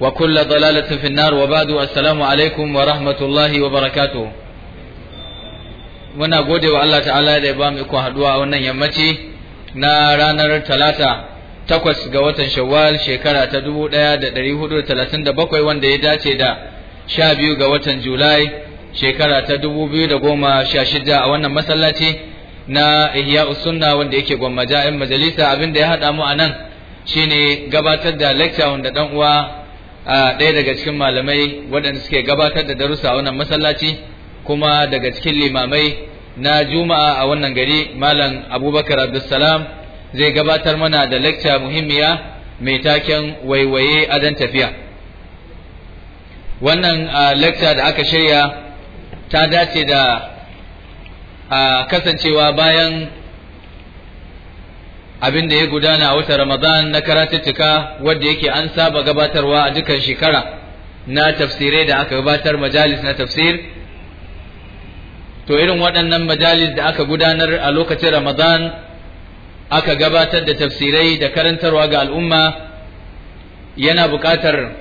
وكل ضلالة في النار وبعد السلام عليكم ورحمة الله وبركاته muna gode wa Allah ta'ala da ya ba mu iko haduwa wannan yammaci na ranar talata takwas ga watan shawwal shekara ta 1437 wanda ya dace da 12 ga watan julai shekara ta 2016 a wannan masallaci na ihya sunna wanda yake gwamma ja'in majalisa abinda ya hada mu a nan shine gabatar da lecture wanda dan uwa A ɗaya daga cikin malamai waɗanda suke gabatar da darussa a wannan masallaci kuma daga cikin limamai na juma'a a wannan gari malam abubakar abdulsalam zai gabatar mana da lecture muhimmiya mai taken waiwaye adon tafiya wannan lecture da aka shirya ta dace da kasancewa bayan abin da ya gudana a wata Ramadan na karatuttuka wanda yake an saba gabatarwa a dukan shekara na tafsirai da aka gabatar majalis na tafsir to irin waɗannan majalis da aka gudanar a lokacin Ramadan aka gabatar da tafsirai da karantarwa ga al'umma yana buƙatar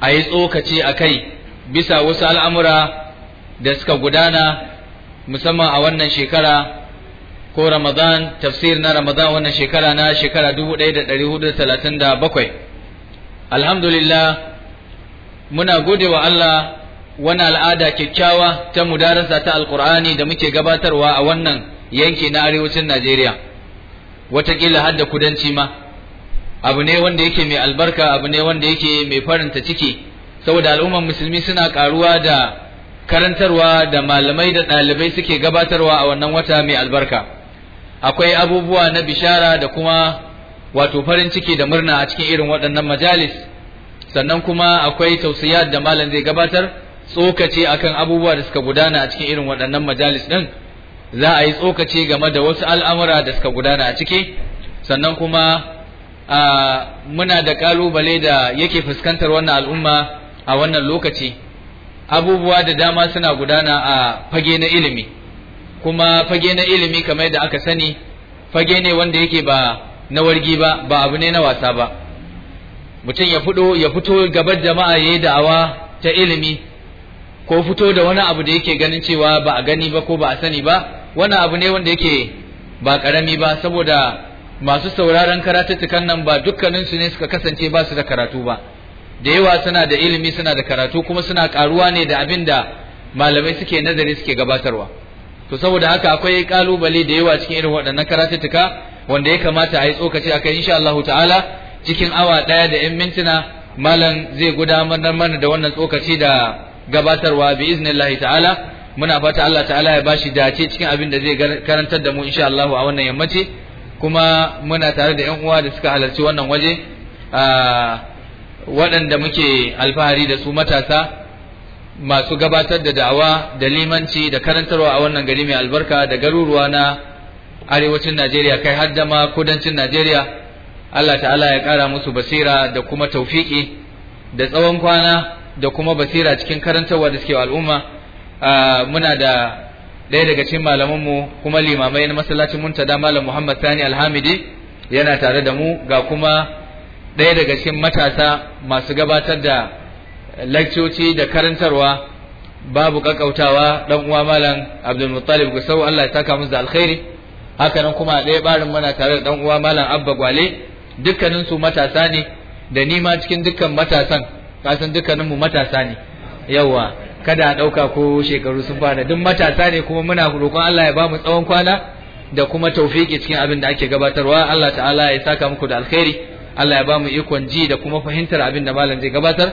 a yi tsokaci a kai bisa wasu al'amura da suka gudana musamman a wannan shekara ko Ramadan tafsir na Ramadan wannan shekara na shekara 1437 alhamdulillah muna gode wa Allah wani al'ada kyakkyawa ta mudarasa ta alkur'ani da muke gabatarwa a wannan yanki na arewacin Najeriya watakila har da kudanci ma abu ne wanda yake mai albarka abu ne wanda yake mai faranta ciki saboda al'umman musulmi suna karuwa da karantarwa da malamai da ɗalibai suke gabatarwa a wannan wata mai albarka akwai abubuwa na bishara da kuma wato farin ciki da murna a cikin irin waɗannan majalis sannan kuma akwai tausiyar da malam zai gabatar tsokace akan abubuwa da suka gudana a cikin irin waɗannan majalis ɗin za a yi tsokace game da wasu al'amura da suka gudana a ciki sannan kuma muna da ƙalubale da yake fuskantar wannan al'umma a wannan lokaci abubuwa da dama suna gudana a fage na ilimi kuma fage na ilimi kamar da aka sani fage ne wanda yake ba na wargi ba ba abu ne na wasa ba mutum ya fito ya fito gabar jama'a ya yi da'awa ta ilimi ko fito da wani abu da yake ganin cewa ba a gani ba ko ba a sani ba wani abu ne wanda yake ba karami ba saboda masu sauraron karatuttukan nan ba dukkaninsu ne suka kasance ba su da karatu ba da yawa suna da ilimi suna da karatu kuma suna karuwa ne da abin da malamai suke nazari suke gabatarwa to saboda haka akwai kalubale da yawa cikin irin waɗannan karatuttuka wanda ya kamata a yi tsokaci kai insha Allah ta'ala cikin awa ɗaya da 'yan mintuna malam zai gudanar mana da wannan tsokaci da gabatarwa bi iznillahi ta'ala muna fata Allah ta'ala ya bashi dace cikin abin da zai karantar da mu insha Allah a wannan yammaci kuma muna tare da ƴan uwa da suka halarci wannan waje waɗanda muke alfahari da su matasa masu gabatar da da'awa da limanci da karantarwa a wannan gari mai albarka da garuruwa na arewacin Najeriya kai har da ma kudancin Najeriya Allah ta'ala ya kara musu basira da kuma taufiki da tsawon kwana da kuma basira cikin karantarwa da suke al'umma muna da ɗaya daga cikin malamanmu kuma limamai na masallacin muntada malam Muhammad Sani Alhamidi yana tare da mu ga kuma ɗaya daga cikin matasa masu gabatar da lakcoci da karantarwa babu kakkautawa dan uwa malam Abdul Muttalib sau Allah ya taka musu da alkhairi haka nan kuma a ɗaya barin muna tare da dan uwa malam Abba Gwale dukkanin su matasa ne da ni ma cikin dukkan matasan kasan dukkanin mu matasa ne yawa kada a ɗauka ko shekaru sun fara duk matasa ne kuma muna roƙon Allah ya ba mu tsawon kwana da kuma taufiki cikin abin da ake gabatarwa Allah ta'ala ya saka muku da alkhairi Allah ya ba mu ikon ji da kuma fahimtar abin da malam zai gabatar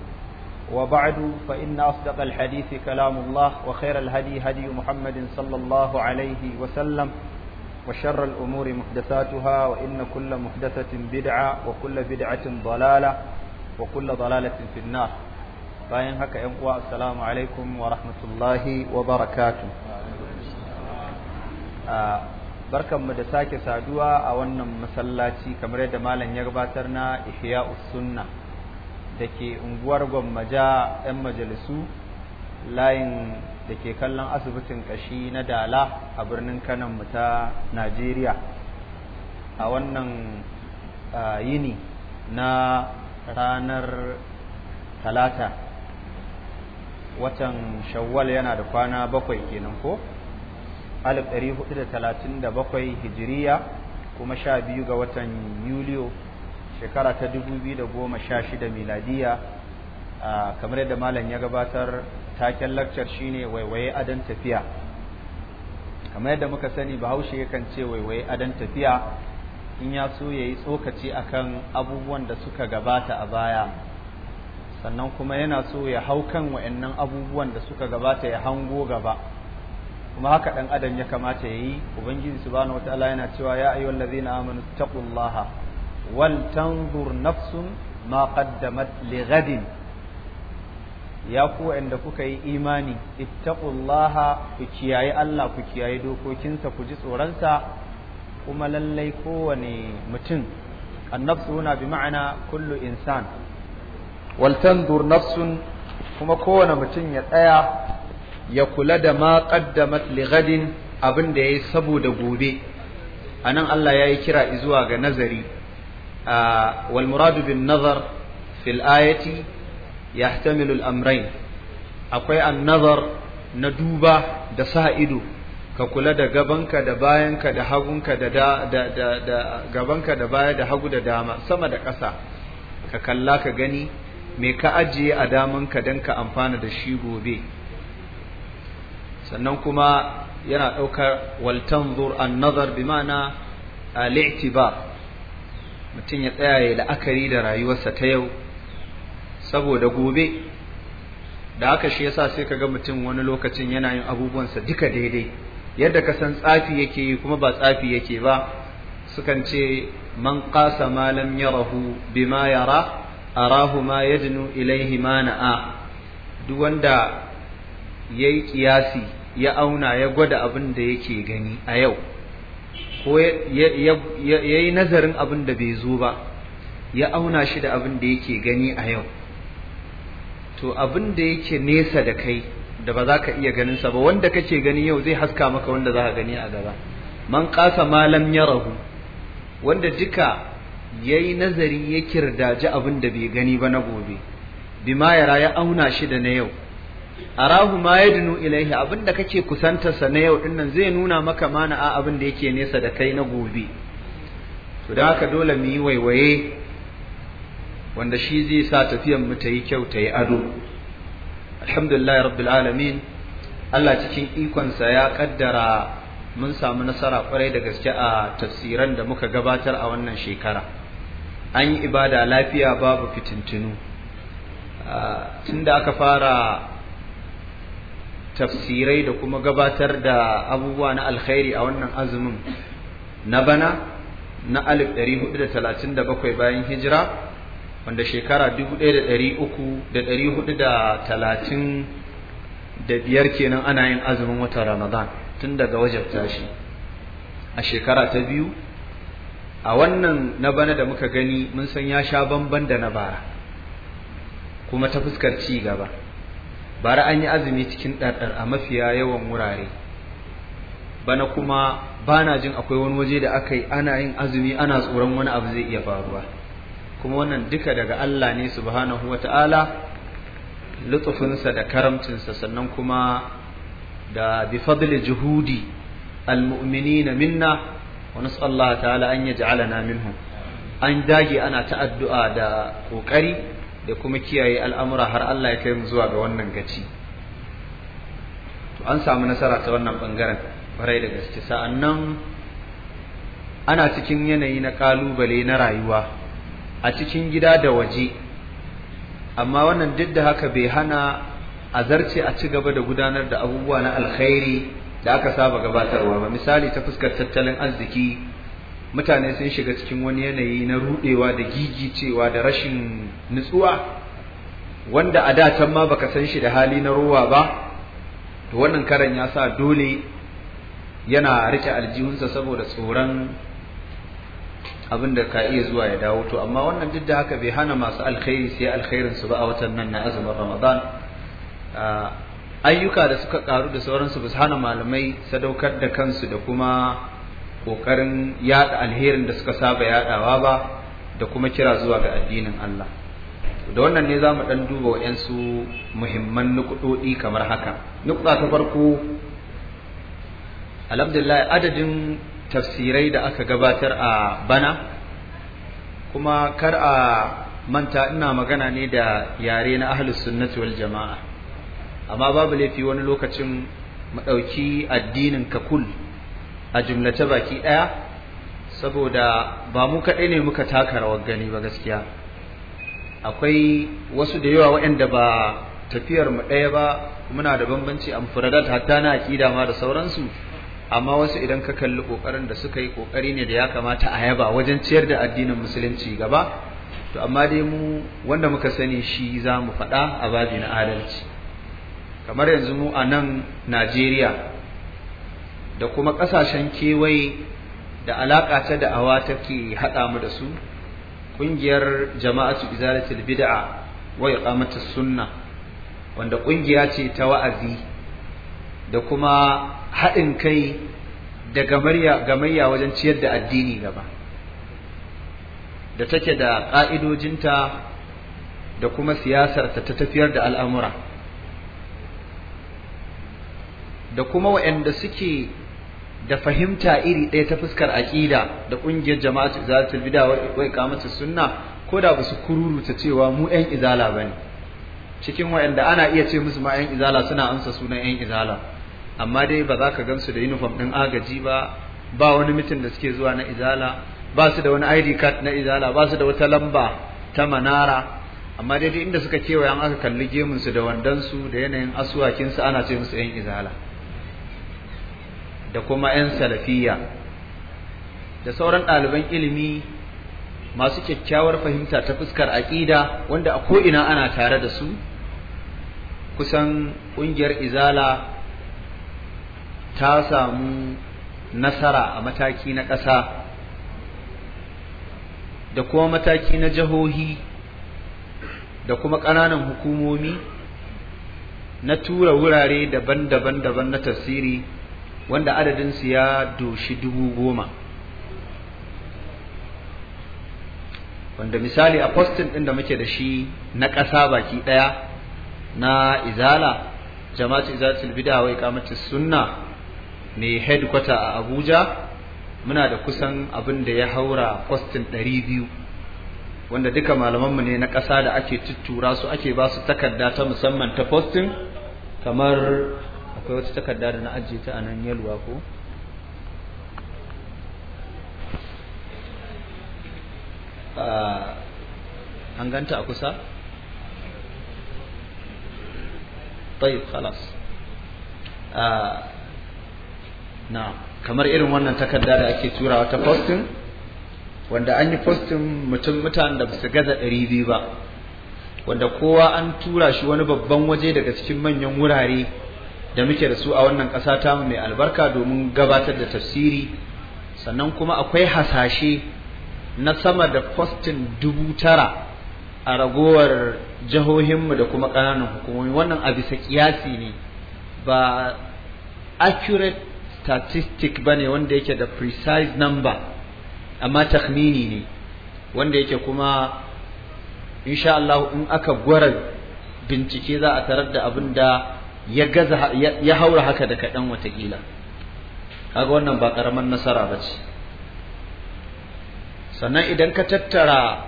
وبعد فإن أصدق الحديث كلام الله وخير الهدي هدي محمد صلى الله عليه وسلم وشر الأمور محدثاتها وإن كل محدثة بدعة وكل بدعة ضلالة وكل ضلالة في النار bayan haka ‘yan uwa assalamu alaikum wa rahmatullahi wa barakatu barkanmu da sake saduwa a wannan masallaci kamar yadda malam ya gabatar na ihya'us sunna da ke unguwar gwammaja 'yan majalisu layin da ke kallon asibitin kashi na dala a birnin kanan mu ta najeriya a wannan yini na ranar talata watan shawwal yana da kwana bakwai kenan ko Alif 1437 hijiriya kuma sha biyu ga watan yuliyo shekara ta dubu biyu da goma sha 2016 miladiya kamar yadda malam ya gabatar taken lakcar shine waiwaye adan tafiya kamar yadda muka sani bahaushe yakan ce waiwaye adan tafiya in ya so ya yi tsokaci kan abubuwan da suka gabata a baya sannan kuma yana so ya hau kan wa'annan abubuwan da suka gabata ya hango gaba kuma haka ɗan adam ya kamata ya yi ubangiji subhanahu wataala yana cewa ya ayyuhallazina amanu taƙullaha. wal tanzur nafsun ma qaddamat li ghadin ya ku inda kuka yi imani ittaqullaha ku kiyaye Allah ku kiyaye dokokinsa ku ji tsoronsa kuma lallai kowane mutum annafsu na bi ma'ana kullu insan wal tanzur nafsun kuma kowane mutum ya tsaya ya kula da ma qaddamat li ghadin abin da yayi saboda gobe anan Allah yayi kira zuwa ga nazari والمراد بالنظر في الآية يحتمل الأمرين أقوي النظر ندوبة دسائد ككل دا غبنك دا باينك دا حقنك دا دا دا دا دا غبنك دا باي دا حق دا داما سما دا قسا ككلا كغني me ka ajiye a damanka don ka amfana da shi gobe sannan kuma yana ɗaukar waltanzur an nazar bi ma'ana al-i'tibar mutum ya tsaya ya la'akari da rayuwarsa ta yau saboda gobe da aka shi yasa sai ka ga mutum wani lokacin yana yin abubuwansa duka daidai yadda ka san tsafi yake yi kuma ba tsafi yake ba sukan ce man kasa ma ya rahu bima yara arahu ma yadnu ilaihi ma na'a duk wanda yayi kiyasi ya auna ya gwada abin da yake gani a yau ko ya yi nazarin abin da bai zo ba ya auna shi da abin da yake gani a yau to abin da yake nesa da kai da ba za ka iya ganin sa ba wanda kake gani yau zai haska maka wanda za ka gani a gaba man kasa malam ya rahu wanda duka ya yi nazari ya kirdaji abin da bai gani ba na gobe bima yara ya auna shi da na yau arahu ma yadnu ilaihi abinda kake kusantarsa na yau dinnan zai nuna maka mana a abin da yake nesa da kai na gobe to da haka dole mu yi waiwaye wanda shi zai sa tafiyar mu ta yi kyau ta yi ado alhamdulillah rabbil alamin Allah cikin ikon sa ya kaddara mun samu nasara kwarai da gaske a tafsiran da muka gabatar a wannan shekara an yi ibada lafiya babu fitintinu ah, tunda aka fara tafsirai da kuma gabatar da abubuwa na alkhairi a wannan azumin na bana na 1437 bayan hijira wanda shekara 1435 kenan ana yin azumin watan Ramadan tun daga wajabta shi a shekara ta biyu a wannan na bana da muka gani mun san ya sha bamban da na bara kuma ta fuskar ci gaba bara an yi azumi cikin ɗarɗar a mafiya yawan wurare bana kuma ba na jin akwai wani waje da aka yi ana yin azumi ana tsoron wani abu zai iya faruwa kuma wannan duka daga Allah ne subhanahu wa ta'ala lutufinsa da karamcinsa sannan kuma da bifadli juhudi na minna wa nas'allahu ta'ala an yaj'alana minhum an dage ana ta'addu'a da kokari da kuma kiyaye al'amura har Allah ya kai mu zuwa ga wannan gaci to an samu nasara ta wannan bangaren farai da gaske sa'annan ana cikin yanayi na ƙalubale na rayuwa a cikin gida da waje amma wannan duk da haka bai hana a zarce a ci gaba da gudanar da abubuwa na alkhairi da aka saba gabatarwa ba misali ta fuskar tattalin arziki mutane sun shiga cikin wani yanayi na rudewa da gigicewa da rashin nutsuwa wanda a da can ma baka san shi da hali na ruwa ba to wannan karan ya sa dole yana rike aljihunsa saboda tsoron abin da ka iya zuwa ya dawo to amma wannan duk da haka bai hana masu alkhairi sai alkhairin su ba a watan nan na azumin ramadan ayyuka da suka karu da sauransu ba su hana malamai sadaukar da kansu da kuma ƙoƙarin yaɗa alherin da suka saba yaɗawa ba da kuma kira zuwa ga addinin Allah da wannan ne za mu ɗan duba waɗansu muhimman nukuɗoɗi kamar haka nukuɗa ta farko alhamdulillah adadin tafsirai da aka gabatar a bana kuma kar a manta ina magana ne da yare na ahlus sunnati wal jama'a amma babu laifi wani lokacin mu ɗauki addinin ka kul a jumlace baki ɗaya saboda ba mu kaɗai ne muka taka rawar gani ba gaskiya akwai wasu da yawa waɗanda ba tafiyar mu ɗaya ba muna da bambanci a furadat hatta na aƙida ma da sauransu amma wasu idan ka kalli ƙoƙarin da suka yi ƙoƙari ne da ya kamata a yaba wajen ciyar da addinin musulunci gaba to amma dai mu wanda muka sani shi za mu faɗa a babin adalci kamar yanzu mu a nan najeriya da kuma ƙasashen kewaye da alaƙa ta da'awa take haɗa mu da su ƙungiyar jama'atu izalatul bid'a wa iqamatus sunna wanda ƙungiya ce ta wa'azi da kuma haɗin kai da gamayya wajen ciyar da addini gaba da take da ƙa'idojinta da kuma siyasarta ta tafiyar da al'amura da kuma waɗanda suke da fahimta iri ɗaya ta fuskar aƙida da ƙungiyar jama'atu izalatul bid'a wa iqamatu sunna ko da ba su kururuta cewa mu ƴan izala ba ne. cikin waɗanda ana iya ce musu ma ƴan izala suna amsa sunan ƴan izala amma dai ba za ka gansu da uniform ɗin agaji ba ba wani mitin da suke zuwa na izala ba su da wani ID card na izala ba su da wata lamba ta manara amma dai inda suka kewaye an aka kalli gemunsu da wandonsu da yanayin asuwakinsu ana ce musu ƴan izala da kuma 'yan salafiya da sauran ɗaliban ilimi masu kyakkyawar fahimta ta fuskar aƙida wanda a ko'ina ana tare da su kusan ƙungiyar izala ta samu nasara a mataki na ƙasa da kuma mataki na jihohi da kuma ƙananan hukumomi na tura wurare daban-daban daban na tafsiri wanda adadinsu ya doshi dubu goma wanda misali a postin ɗin da muke da shi na ƙasa baki ɗaya na izala jama'atu izalatul bid'a wa kamata sunna mai headquarter a Abuja muna da kusan abin da ya haura postin ɗari biyu wanda duka malamanmu ne na ƙasa da ake tuttura su ake ba su takarda ta musamman ta postin kamar akwai wata takarda da na ajiye ta a nan yalwa ko an ganta a kusa طيب خلاص na kamar irin wannan takarda da ake turawa ta postin wanda an yi postin mutum mutane da su gaza ɗari biyu ba wanda kowa an tura shi wani babban waje daga cikin manyan wurare da muke da su a wannan ƙasa ta mai albarka domin gabatar da tafsiri sannan kuma akwai hasashe na sama da fostin dubu tara a ragowar jihohinmu da kuma ƙananan hukumomi wannan a bisa ƙiyasi ne ba accurate statistic ba ne wanda yake da precise number amma takmini ne wanda yake kuma insha Allah in aka gwara bincike za a tarar da abin da ya gaza ya haura haka da wata watakila kaga wannan ba karaman nasara bace sannan idan ka tattara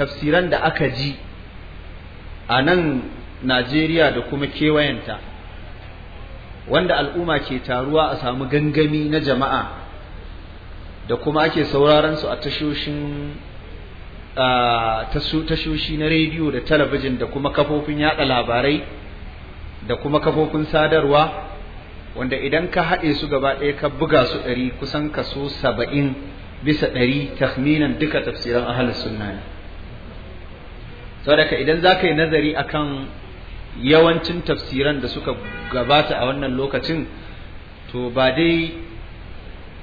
tafsiran da aka ji a nan Najeriya da kuma kewayenta wanda al'umma ke taruwa a samu gangami na jama'a da kuma ake sauraron su a tashoshin tashoshi na rediyo da talabijin da kuma kafofin yada labarai da kuma kafofin sadarwa wanda idan ka haɗe su gaba ɗaya ka buga su ɗari kusan kaso saba'in bisa ɗari tahminan duka tafsiran ahalus sunna ne saboda idan za ka yi nazari akan yawancin tafsiran da suka gabata a wannan lokacin to ba dai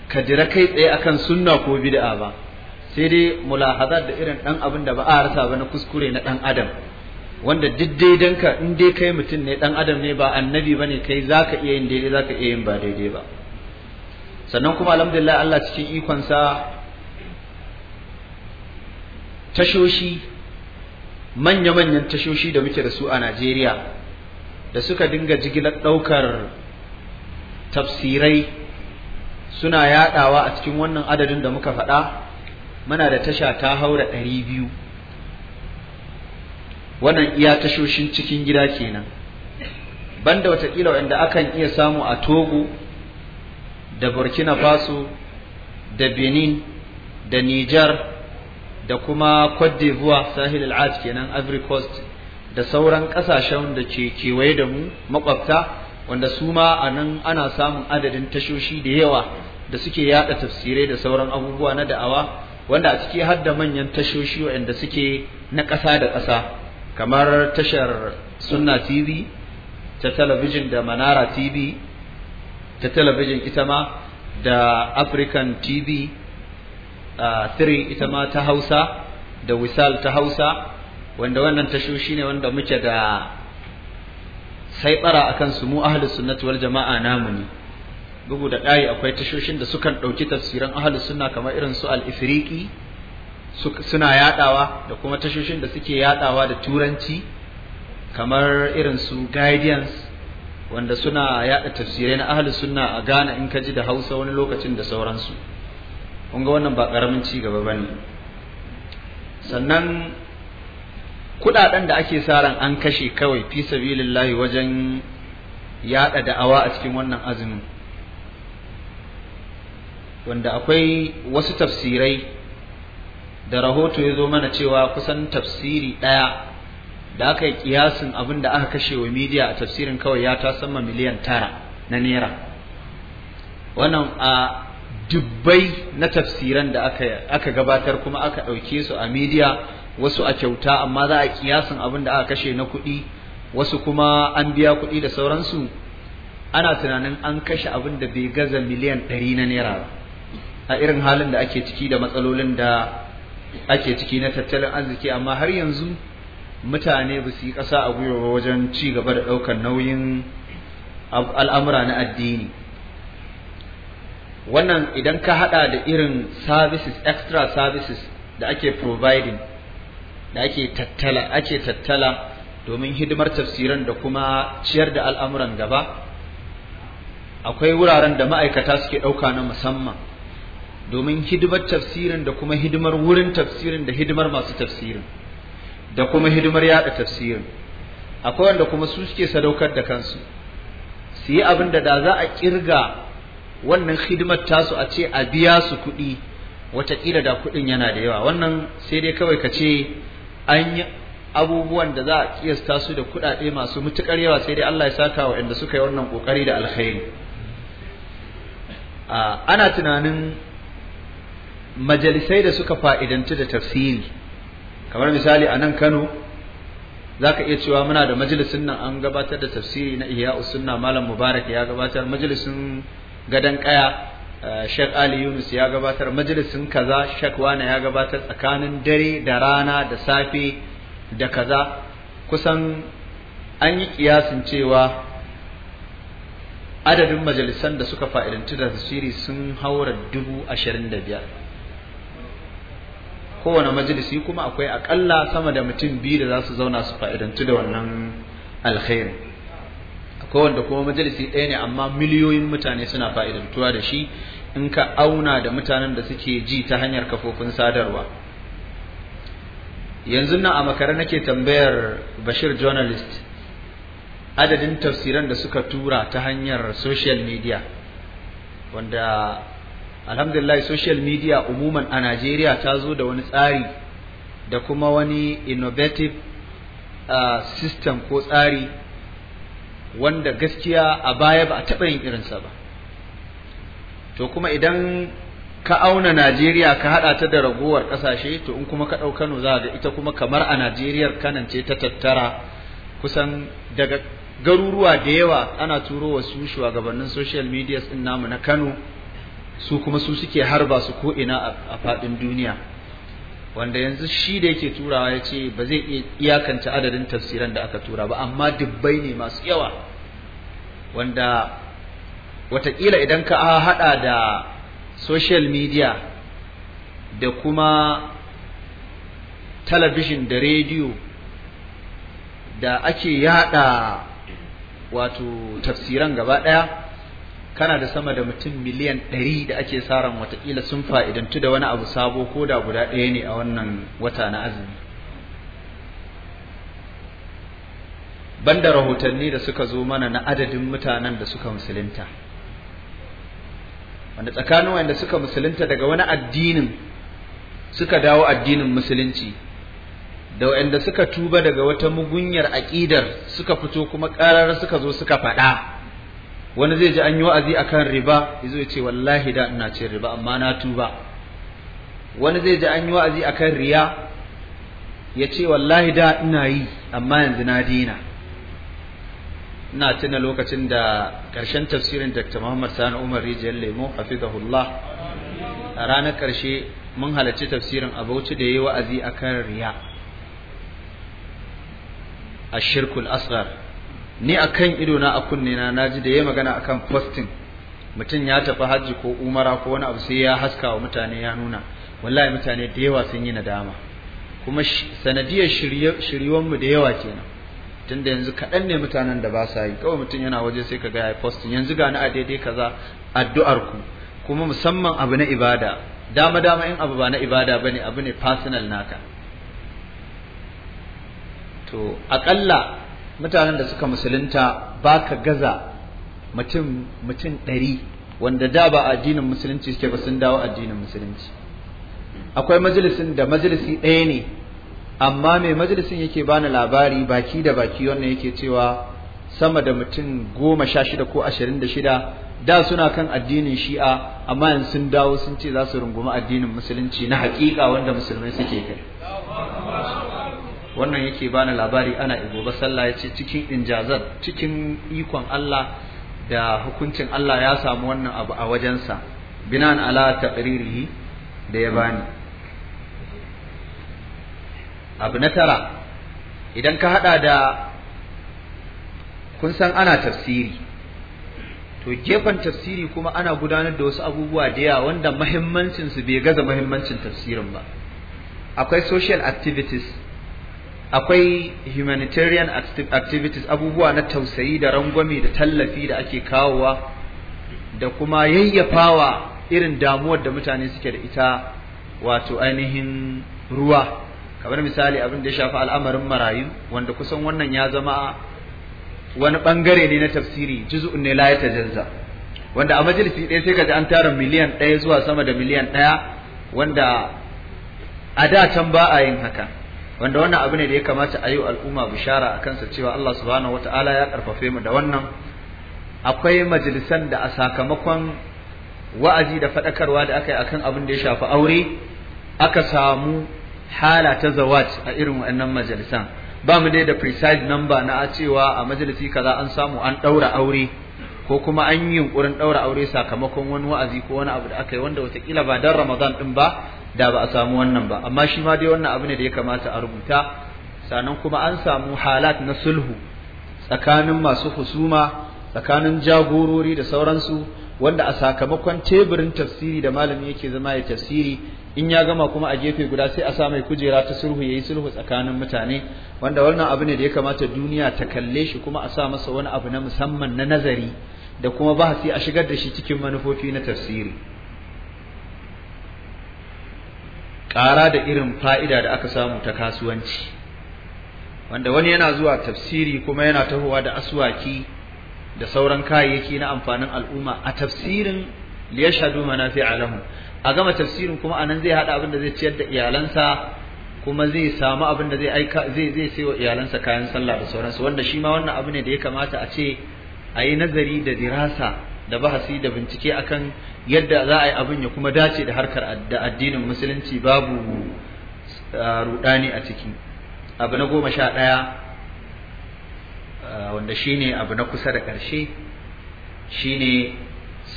ka jira kai tsaye akan sunna ko bid'a ba sai dai mulahazar da irin ɗan abin da ba a rasa ba na kuskure na ɗan adam wanda duk ka in dai kai mutum ne dan adam ne ba annabi bane kai zaka iya yin daidai zaka iya yin ba daidai ba sannan kuma alhamdulillah Allah cikin ikon sa tashoshi manya-manyan tashoshi da muke da su a Najeriya da suka dinga jigilar daukar tafsirai suna yadawa a cikin wannan adadin da muka faɗa muna da tasha ta haura ɗari biyu wannan iya tashoshin cikin gida kenan banda watakila wanda akan iya samu a togo da burkina faso da benin da niger da kuma cote d'ivoire sahil al'ad kenan ivory coast da sauran kasashen da ke kewaye da mu makwabta wanda su ma a ana samun adadin tashoshi da yawa da suke yada tafsirai da sauran abubuwa na da'awa wanda a ciki har da manyan tashoshi waɗanda suke na ƙasa da ƙasa kamar tashar sunna tv ta talabijin da manara tv ta talabijin ita ma da african tv 3 ita ma ta hausa da wisal ta hausa wanda wannan tashoshi ne wanda muke da saibara a kansu mu ahalus sunnati wal jama'a namu ne bugu da ɗaya akwai tashoshin da sukan ɗauki tafsiran ahalus sunna kamar irin su al suna yaɗawa da kuma tashoshin da suke yaɗawa da turanci kamar irin su guidance wanda suna yaɗa tafsirai na ahli sunna a Ghana in ka ji da Hausa wani lokacin da sauransu kun ga wannan ba karamin ci gaba bane sannan kudaden da ake sa ran an kashe kawai fi sabilillahi wajen yada da'awa a cikin wannan azumin wanda akwai wasu tafsirai da rahoto ya zo mana cewa kusan tafsiri ɗaya da aka yi kiyasin abin da aka kashe wa midiya a tafsirin kawai ya ta sama miliyan tara na naira wannan a dubbai na tafsiran da aka, gabatar kuma aka ɗauke su a midiya wasu a kyauta amma za a kiyasin abin da aka kashe na kuɗi wasu kuma an biya kuɗi da sauransu ana tunanin an kashe abin da bai gaza miliyan ɗari na naira ba a irin halin da ake ciki da matsalolin da ake ciki na tattalin arziki amma har yanzu mutane ba su yi ƙasa a gwiwa wajen ci gaba da ɗaukar nauyin al'amura na addini wannan idan ka haɗa da irin services extra services da ake providing da ake tattala ake tattala domin hidimar tafsiran da kuma ciyar da al'amuran gaba akwai wuraren da ma'aikata suke ɗauka na musamman domin hidimar tafsirin da kuma hidimar wurin tafsirin da hidimar masu tafsirin da kuma hidimar yada tafsirin akwai wanda kuma su suke sadaukar da kansu su yi abin da za a kirga wannan hidimar tasu a ce a biya su kuɗi watakila da kuɗin yana da yawa wannan sai dai kawai ka ce an yi abubuwan da za a kiyasta su da kuɗaɗe masu mutukar yawa sai dai Allah ya saka wa inda suka yi wannan ƙoƙari da alkhairi ana tunanin majalisai da suka fa'idantu da tafsiri kamar misali a nan Kano za ka iya cewa muna da majalisun nan an gabatar da tafsiri na ihya sunna malam mubarak ya gabatar majalisun Gadon kaya eh, shek Ali Yunus ya gabatar majalisun kaza shek Wana ya gabatar tsakanin dare da rana da safe da kaza kusan an yi kiyasin cewa adadin majalisan da suka fa'idantu da tafsiri sun haura dubu ashirin da biyar kowane majalisi kuma akwai akalla sama da mutum biyu da za su zauna su fa'idantu da wannan alkhairi akwai wanda kuma majalisi ɗaya ne amma miliyoyin mutane suna fa'idantuwa da shi in ka auna da mutanen da suke ji ta hanyar kafofin sadarwa yanzu nan a makare nake tambayar bashir journalist adadin tafsiran da suka tura ta hanyar social media wanda alhamdulillah social media umuman a Najeriya ta zo da wani tsari da kuma wani innovative uh, system ko tsari wanda gaskiya a baya ba a taɓa yin irin sa ba to kuma idan ka auna Najeriya ka haɗa ta da ragowar ƙasashe to in kuma ka ɗau Kano za ga ita kuma kamar a Najeriyar kanan ce ta tattara kusan daga garuruwa da yawa ana turo wa su shugabannin social media ɗin namu na Kano su kuma su suke harba su ko ina a faɗin duniya wanda yanzu shi da yake turawa ya ce ba zai iyakanta adadin tafsiran da aka tura ba amma dubbai ne masu yawa wanda watakila idan ka haɗa da social media da kuma talabijin da rediyo da ake yada wato tafsiran gaba ɗaya kana da sama da mutum miliyan ɗari da ake tsaron watakila sun fa'idantu da wani abu sabo ko da guda ɗaya ne a wannan wata na azumi banda rahotanni da suka zo mana na adadin mutanen da suka musulunta wanda tsakanin wanda suka musulunta daga wani addinin suka dawo addinin musulunci da wanda suka tuba daga wata mugunyar aƙidar suka fito kuma ƙarar suka zo suka faɗa wani zai ji an yi wa'azi akan riba yazo ya ce wallahi da ina cin riba amma na tuba wani zai ji an yi wa'azi akan riya ya ce wallahi da ina yi amma yanzu na dina ina tuna lokacin da ƙarshen tafsirin Dr. Muhammad Sani Umar Rijiyar Lemo hafizahullah a ranar ƙarshe mun halarci tafsirin a da da yayi wa'azi akan riya a shirkul asghar ni akan ido na a kunne na na ji da ya magana akan fasting mutum ya tafi hajji ko umara ko wani abu sai ya haska wa mutane ya nuna wallahi mutane da yawa sun yi nadama kuma sanadiyar shirye da yawa kenan tunda yanzu kaɗan ne mutanen da ba sa yi kawai mutum yana waje sai ka ga ya yanzu ga ni a daidai kaza addu'ar ku kuma musamman abu na ibada dama dama in abu ba na ibada bane abu ne personal naka to aƙalla. mutanen da suka musulunta ba ka gaza mutum mutum ɗari wanda da ba addinin musulunci suke ba sun dawo addinin musulunci akwai majalisin da majalisi ɗaya ne amma mai majalisin yake bani labari baki da baki wannan yake cewa sama da mutum goma sha shida ko ashirin da shida da suna kan addinin shi'a amma yanzu sun dawo sun ce za su rungumi addinin musulunci na haƙiƙa wanda musulmai suke kai wannan yake bani labari ana gobe, sallah yace cikin injazar cikin ikon Allah da hukuncin Allah ya samu wannan abu a wajensa binan ala taqririhi da ya bani abu na tara idan ka hada da kun san ana tafsiri to gefen tafsiri kuma ana gudanar da wasu abubuwa da yawa wanda muhimmancin su bai gaza muhimmancin tafsirin ba akwai social activities akwai humanitarian activities abubuwa na tausayi da rangwami da tallafi da ake kawowa da kuma yayyafawa irin damuwar da mutane suke da ita wato ainihin ruwa kamar misali abin da ya shafi al'amarin marayu wanda kusan wannan ya zama wani bangare ne na tafsiri juz'un ne la ya tajazza wanda a majalisi ɗaya sai kaji an tara miliyan ɗaya zuwa sama da miliyan ɗaya wanda a da can ba a yin haka wanda wannan abu ne da ya kamata a yi al'umma bishara a kansa cewa Allah subhanahu Ta'ala ya karfafe mu da wannan akwai majalisan da a sakamakon wa'azi da faɗakarwa da aka yi akan abin da ya shafi aure aka samu hala ta zawat a irin wannan majalisan ba mu dai da precise number na cewa a majalisi kaza an samu an ɗaura aure ko kuma an yi yunƙurin ɗaura aure sakamakon wani wa'azi ko wani abu da aka yi wanda watakila ba don Ramadan ɗin ba da ba a samu wannan ba amma shi ma dai wannan abu ne da ya kamata a rubuta sannan kuma an samu halat na sulhu tsakanin masu husuma tsakanin jagorori da sauransu wanda a sakamakon teburin tafsiri da malami yake zama ya tafsiri in ya gama kuma a gefe guda sai a sa mai kujera ta sulhu yayi sulhu tsakanin mutane wanda wannan abu ne da ya kamata duniya ta kalle shi kuma a sa masa wani abu na musamman na nazari da kuma bahasi a shigar da shi cikin manufofi na tafsiri ƙara da irin fa'ida da aka samu ta kasuwanci wanda wani yana zuwa tafsiri kuma yana tahowa da asuwaki da sauran kayayyaki na amfanin al'umma a tafsirin liyashhadu fi alamu. a gama tafsirin kuma a nan zai haɗa abin da zai ciyar da iyalansa kuma zai samu abin da zai zai iyalansa kayan sallah da sauransu wanda shi ma wannan abu ne da ya kamata a ce a yi nazari da dirasa da bahasi da bincike akan yadda za a yi abin ya kuma dace da harkar da addinin musulunci babu rudani a ciki abu na goma sha ɗaya wanda shi ne abu na kusa da ƙarshe shi ne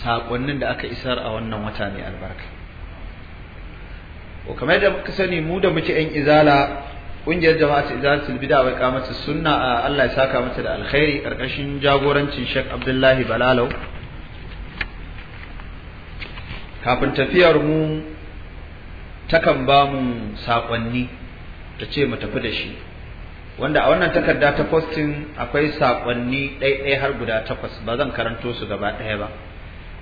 saƙonnin da aka isar a wannan wata mai albarka ko kamar da muka sani mu da muke 'yan izala ƙungiyar jama'a izala izalatul bid'a wa kamata, sunna Allah ya saka mata da alkhairi ƙarƙashin jagorancin Sheikh Abdullahi Balalau kafin tafiyar mu takan ba mu saƙonni ta ce mu tafi da shi wanda a wannan takarda ta posting akwai saƙonni ɗaiɗai har guda takwas ba zan karanto su gaba ɗaya ba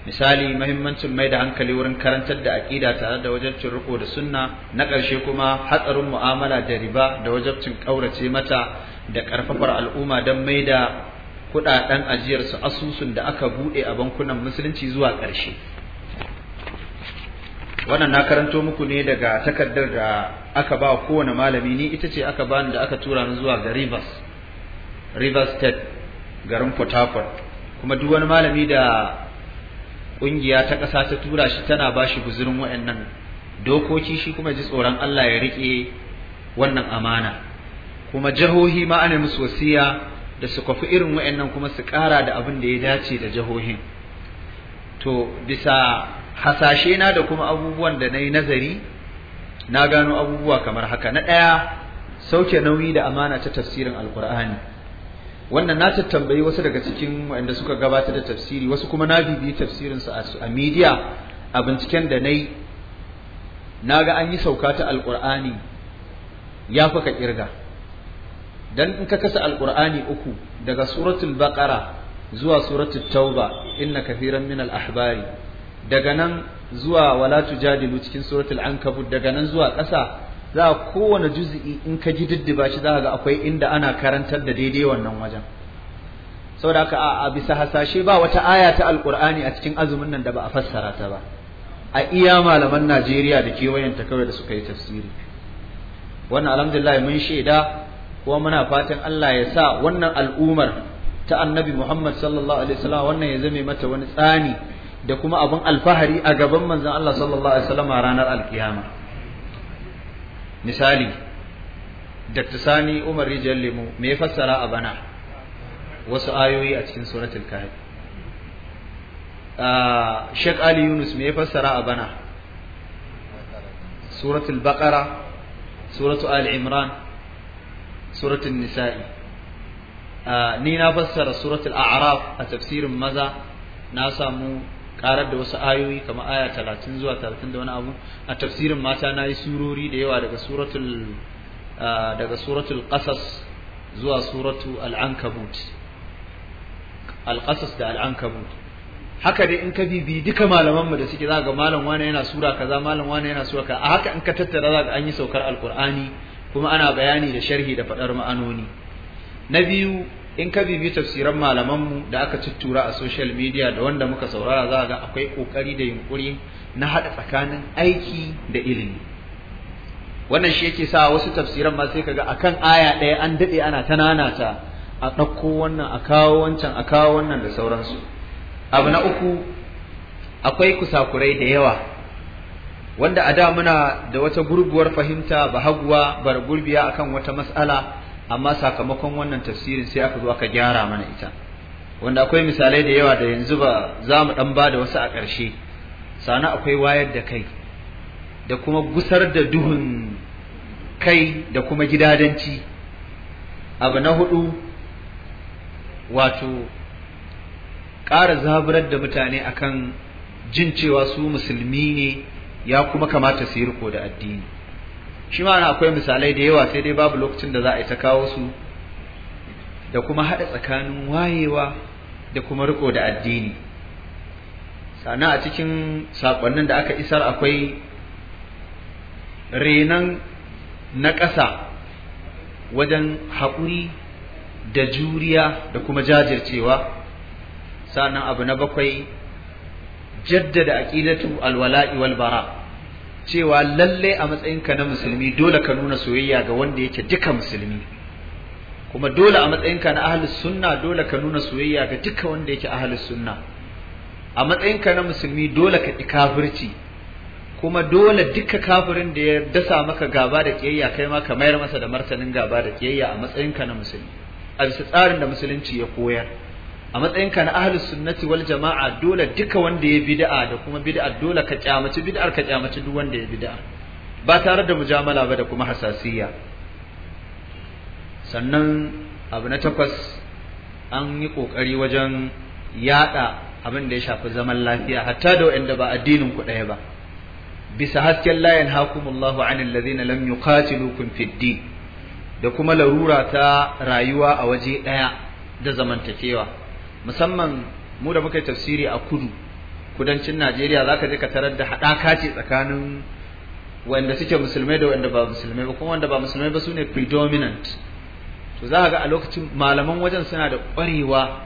misali mahimmancin mai da hankali wurin karantar da aƙida tare da wajabcin riko da sunna na ƙarshe kuma hatsarin mu'amala da riba da wajabcin ƙaurace mata da ƙarfafar al'umma don mai da kuɗaɗen ajiyarsu asusun da aka buɗe a bankunan musulunci zuwa ƙarshe wannan na karanto muku ne daga takardar da aka ba kowane malami ni ita ce aka bani da aka tura ni zuwa ga Rivers Rivers State garin Port Harcourt kuma duk wani malami da kungiya ta ƙasa ta tura shi tana ba shi guzurin wayannan dokoki shi kuma ji tsoron Allah ya riƙe wannan amana kuma jihohi ma ana musu wasiya da su kwafi irin wayannan kuma su kara da abin da ya dace da jihohin to bisa hasashe na da kuma abubuwan da na yi nazari na gano abubuwa kamar haka na ɗaya sauke nauyi da amana ta tafsirin alkur'ani wannan na tambayi wasu daga cikin waɗanda suka gabatar da tafsiri wasu kuma na bibiyi tafsirinsu a midiya a binciken da na yi na ga an yi sauka ta alkur'ani ya fi ka ƙirga dan in ka kasa alkur'ani uku daga suratul baqara zuwa suratul tauba inna kafiran min al-ahbari daga nan zuwa wala tujadilu cikin suratul ankabut daga nan zuwa ƙasa za a kowane juz'i in ka ji diddiba shi za ga akwai inda ana karantar da daidai wannan wajen saboda haka a bisa hasashe ba wata aya ta alqur'ani a cikin azumin nan da ba a fassara ta ba a iya malaman Najeriya da kewayenta kawai da suka yi tafsiri wannan alhamdulillah mun shaida kuma muna fatan Allah ya sa wannan al'umar ta annabi Muhammad sallallahu alaihi wasallam wannan ya zame mata wani tsani da kuma abin alfahari a gaban manzon Allah sallallahu alaihi wasallam ranar alkiyama misali Dr. Sani Umar Rijal Lemu me ya fassara a bana wasu ayoyi a cikin suratul kahf ah, Sheikh Ali Yunus me ya fassara a bana suratul baqara suratul al imran suratul nisa'i ah, ni na fassara suratul a'raf a tafsirin maza na samu karar da wasu ayoyi kamar aya 30 zuwa 30 da wani abu a tafsirin mata na yi surori da yawa daga suratul daga suratul qasas zuwa suratu al-ankabut al-qasas da al-ankabut haka dai in ka bibi duka malamanmu da suke za ga malam wani yana sura kaza malam wani yana sura kaza a haka in ka tattara za ga an yi saukar alqur'ani kuma ana bayani da sharhi da fadar ma'anoni na biyu in ka bibi tafsiran malamanmu da aka cuttura a social media da wanda muka saurara za ga akwai kokari da yunkuri na haɗa tsakanin aiki da ilimi wannan shi yake sa wasu tafsiran ma sai kaga akan aya ɗaya an daɗe ana ta nanata a ɗauko wannan a kawo wancan a kawo wannan da sauransu abu na uku akwai kusakurai da yawa wanda a da muna da wata gurguwar fahimta ba haguwa bar gurbiya akan wata mas'ala amma sakamakon wannan tafsirin sai aka zo aka gyara mana ita wanda akwai misalai da yawa da yanzu ba za mu dan ba da wasu a ƙarshe sana akwai wayar da kai da kuma gusar da duhun kai da kuma gidadanci abu na hudu wato ƙara zaburar da mutane akan jin cewa su musulmi ne ya kuma kamata su yi riko da addini shi ma akwai misalai da yawa sai dai babu lokacin da za a yi ta kawo su da kuma haɗa tsakanin wayewa da kuma riko da addini sannan a cikin saƙonnin da aka isar akwai renan na ƙasa wajen haƙuri da juriya da kuma jajircewa sannan abu na bakwai jaddada aƙidatu alwala'i wal bara' cewa lalle a matsayinka na musulmi dole ka nuna soyayya ga wanda yake duka musulmi kuma dole a matsayinka na ahlus sunna dole ka nuna soyayya ga duka wanda yake ahlus sunna a matsayinka na musulmi dole ka kafirci kuma dole duka kafirin da ya dasa maka gaba da kiyayya kai ma ka mayar masa da martanin gaba da kiyayya a matsayinka na musulmi a bisa tsarin da musulunci ya koyar a matsayinka na ahlus sunnati wal jama'a dole duka wanda ya bid'a da kuma bid'a dole ka kyamaci bid'ar ka kyamaci duk wanda ya bid'a ba tare da mujamala ba da kuma hasasiya sannan abu na takwas an yi kokari wajen yada abin da ya shafi zaman lafiya hatta da wanda ba addinin ku ɗaya ba bisa hasken layin hakumullahu anil ladina lam yuqatilukum fid din da kuma larura ta rayuwa a waje ɗaya da zamantakewa musamman mu da muka yi tafsiri a kudu kudancin Najeriya zaka je ka tarar da haɗaka ce tsakanin wanda suke musulmai da wanda ba musulmai ba kuma wanda ba musulmai ba sune predominant to za ga a lokacin malaman wajen suna da ƙwarewa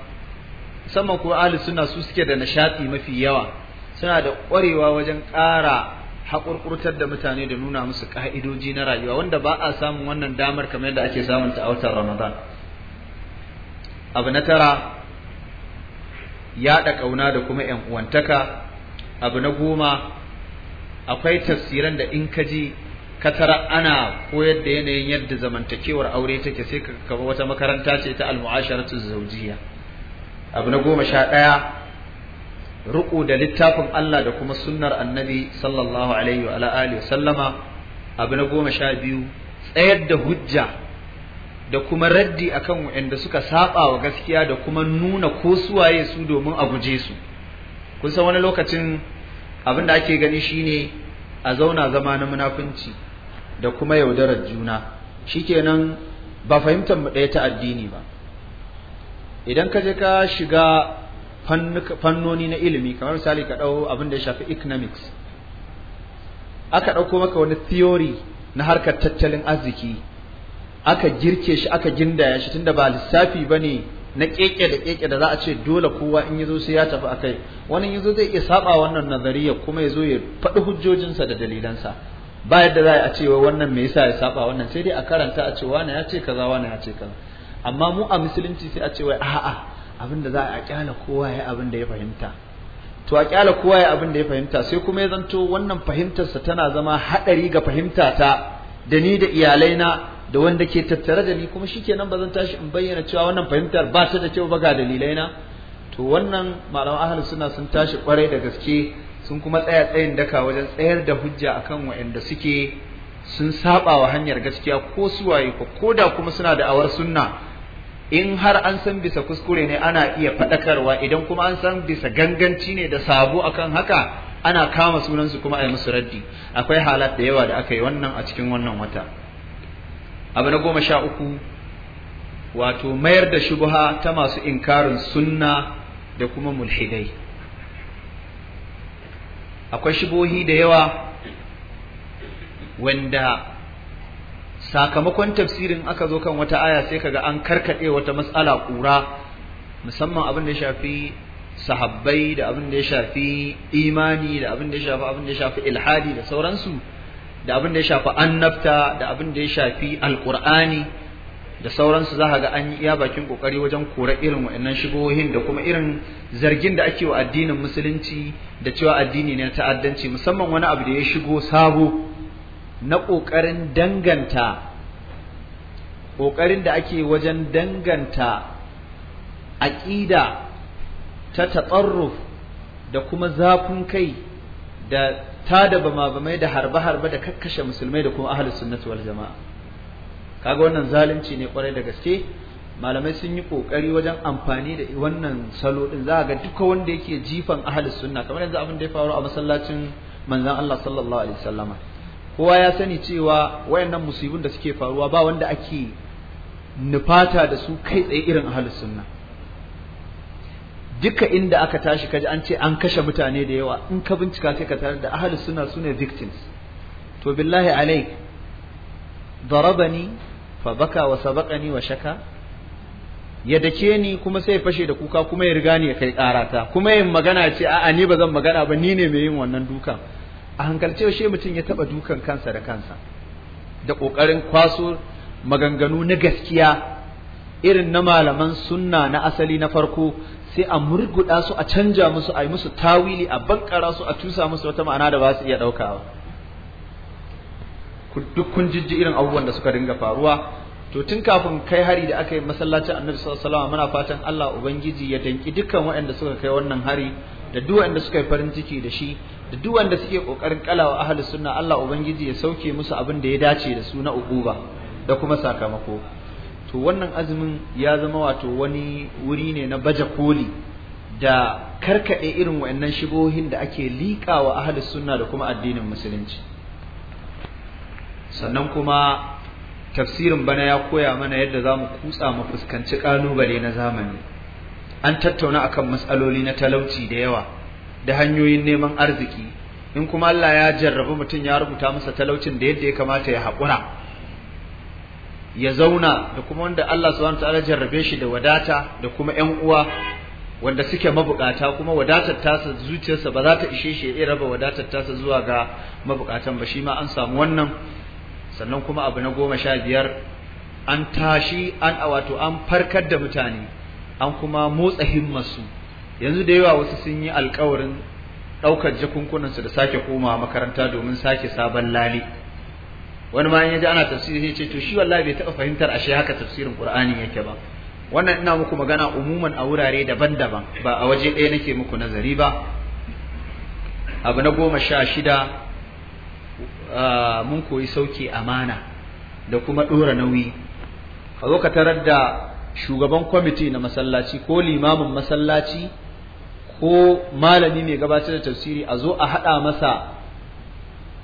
musamman kuma ahli sunna su suke da nishaɗi mafi yawa suna da ƙwarewa wajen ƙara haƙurƙurtar da mutane da nuna musu ƙa'idoji na rayuwa wanda ba a samun wannan damar kamar yadda ake samun ta a watan Ramadan abu na tara yaɗa ƙauna da kuma ‘yan uwantaka abu na goma akwai tafsiran da in ka ji ka tara ana koyar da yanayin yadda zamantakewar aure take sai ka kaba wata makaranta ce ta al-mu'asharatu zawjiyya abu na goma sha ɗaya ruku da littafin Allah da kuma sunnar annabi sallallahu alaihi wa alihi sallama abu na goma sha biyu tsayar da hujja da kuma raddi akan waɗanda suka saba wa gaskiya da kuma nuna ko suwaye su domin a guje su kun san wani lokacin abin da ake gani shine a zauna zama na munafunci da kuma yaudarar juna shi shikenan ba fahimtar mu ɗaya ta addini ba idan ka je ka shiga fannoni na ilimi kamar misali ka ɗau abin da ya shafi economics aka ɗauko maka wani theory na harkar tattalin arziki aka girke shi aka gindaya shi tunda ba lissafi bane na keke da keke da za a ce dole kowa in yazo sai ya tafi akai wani yazo zai iya saba wannan nazariya kuma yazo ya faɗi hujjojinsa da dalilansa ba yadda za a ce wannan me yasa ya saba wannan sai dai a karanta a ce wani ya ce kaza wani ya ce kaza amma mu a musulunci sai a ce wai a'a abin da za a kyala kowa ya abin da ya fahimta to a kyala kowa ya abin da ya fahimta sai kuma ya zanto wannan fahimtarsa tana zama hadari ga fahimta ta da ni da iyalaina da wanda ke tattare da ni kuma nan ba zan tashi in bayyana cewa wannan fahimtar ba ta da kyau ba ga dalilai na to wannan malaman ahlus sunna sun tashi kwarai da gaske sun kuma tsaya tsayin daka wajen tsayar da hujja akan waɗanda suke sun saba wa hanyar gaskiya ko suwaye ko koda kuma suna da awar sunna in har an san bisa kuskure ne ana iya faɗakarwa idan kuma an san bisa ganganci ne da sabo akan haka ana kama sunansu kuma a yi musu raddi akwai halat da yawa da aka yi wannan a cikin wannan wata abu na goma sha uku wato mayar da shubha ta masu inkarin sunna da kuma mulhidai akwai shubohi da yawa wanda sakamakon tafsirin aka zo kan wata aya sai kaga an karkade wata matsala kura musamman abin da ya shafi sahabbai da abin da ya shafi imani da abin da ya shafi abin da ya shafi ilhadi da sauransu da abin da ya shafi annabta da abin da ya shafi alqur'ani da sauransu za ga an iya bakin kokari wajen kora irin waɗannan shigohin da kuma irin zargin da ake wa addinin musulunci da cewa addini ne na ta'addanci musamman wani abu da ya shigo sabo na kokarin danganta kokarin da ake wajen danganta aqida ta tatsarruf da kuma zafin kai da ta da bama bamai da harba harba da kakkashe musulmai da kuma ahlus sunnati wal jama'a kaga wannan zalunci ne kwarai da gaske malamai sun yi kokari wajen amfani da wannan salo din za ga duka wanda yake jifan ahlus sunna kamar yanzu abin da ya faru a masallacin manzon Allah sallallahu alaihi wasallama kowa ya sani cewa wayannan musibin da suke faruwa ba wanda ake nufata da su kai tsaye irin ahlus sunna duka inda aka tashi kaji an ce an kashe mutane da yawa in ka bincika sai ka tarar da ahli sunna sune victims to billahi alaik darabani fa baka wa sabaqani wa shaka ya dake ni kuma sai ya fashe da kuka kuma ya riga ni ya kai karata kuma yin magana ce a'a ni ba zan magana ba ni ne mai yin wannan dukan a hankalce shi mutum ya taba dukan kansa da kansa da kokarin kwaso maganganu na gaskiya irin na malaman sunna na asali na farko sai a murguɗa su a canja musu a yi musu tawili a bankara su a tusa musu wata ma'ana da ba su iya ɗaukawa duk kun jijji irin abubuwan da suka dinga faruwa to tun kafin kai hari da aka yi masallacin annabi sallallahu alaihi muna fatan Allah ubangiji ya danki dukkan waɗanda suka kai wannan hari da duk waɗanda suka yi farin ciki da shi da duk waɗanda suke kokarin kalawa ahli sunna Allah ubangiji ya sauke musu abin da ya dace da su na ukuba da kuma sakamako to wannan azumin ya zama wato wani wuri ne na baje koli da karkaɗe irin wa'annan shibohin da ake liƙa wa ahalus sunna da kuma addinin musulunci sannan kuma tafsirin bana ya koya mana yadda za mu kutsa mu fuskanci ƙalubale na zamani an tattauna akan matsaloli na talauci da yawa da hanyoyin neman arziki in kuma Allah ya jarrabu mutum ya rubuta masa talaucin da yadda ya kamata ya haƙura ya zauna da kuma wanda Allah subhanahu ta'ala jarrabe shi da wadata da kuma ƴan uwa wanda suke mabukata kuma wadatar tasa zuciyarsa ba za ta ishe shi ya raba wadatar tasa zuwa ga mabukatan ba shi ma an samu wannan sannan kuma abu na goma sha biyar an tashi an wato an farkar da mutane an kuma motsa himmarsu yanzu da yawa wasu sun yi alkawarin ɗaukar jakunkunansu da sake komawa makaranta domin sake sabon lali wani ma ya ji ana tafsiri sai ce to shi wallahi bai taɓa fahimtar ashe haka tafsirin Qur'ani yake ba wannan ina muku magana umuman a wurare daban-daban ba a waje ɗaya nake muku nazari ba abu na goma sha shida mun koyi sauke amana da kuma ɗora nauyi ka zo ka tarar da shugaban kwamiti na masallaci ko limamin masallaci ko malami mai gabatar da tafsiri a zo a haɗa masa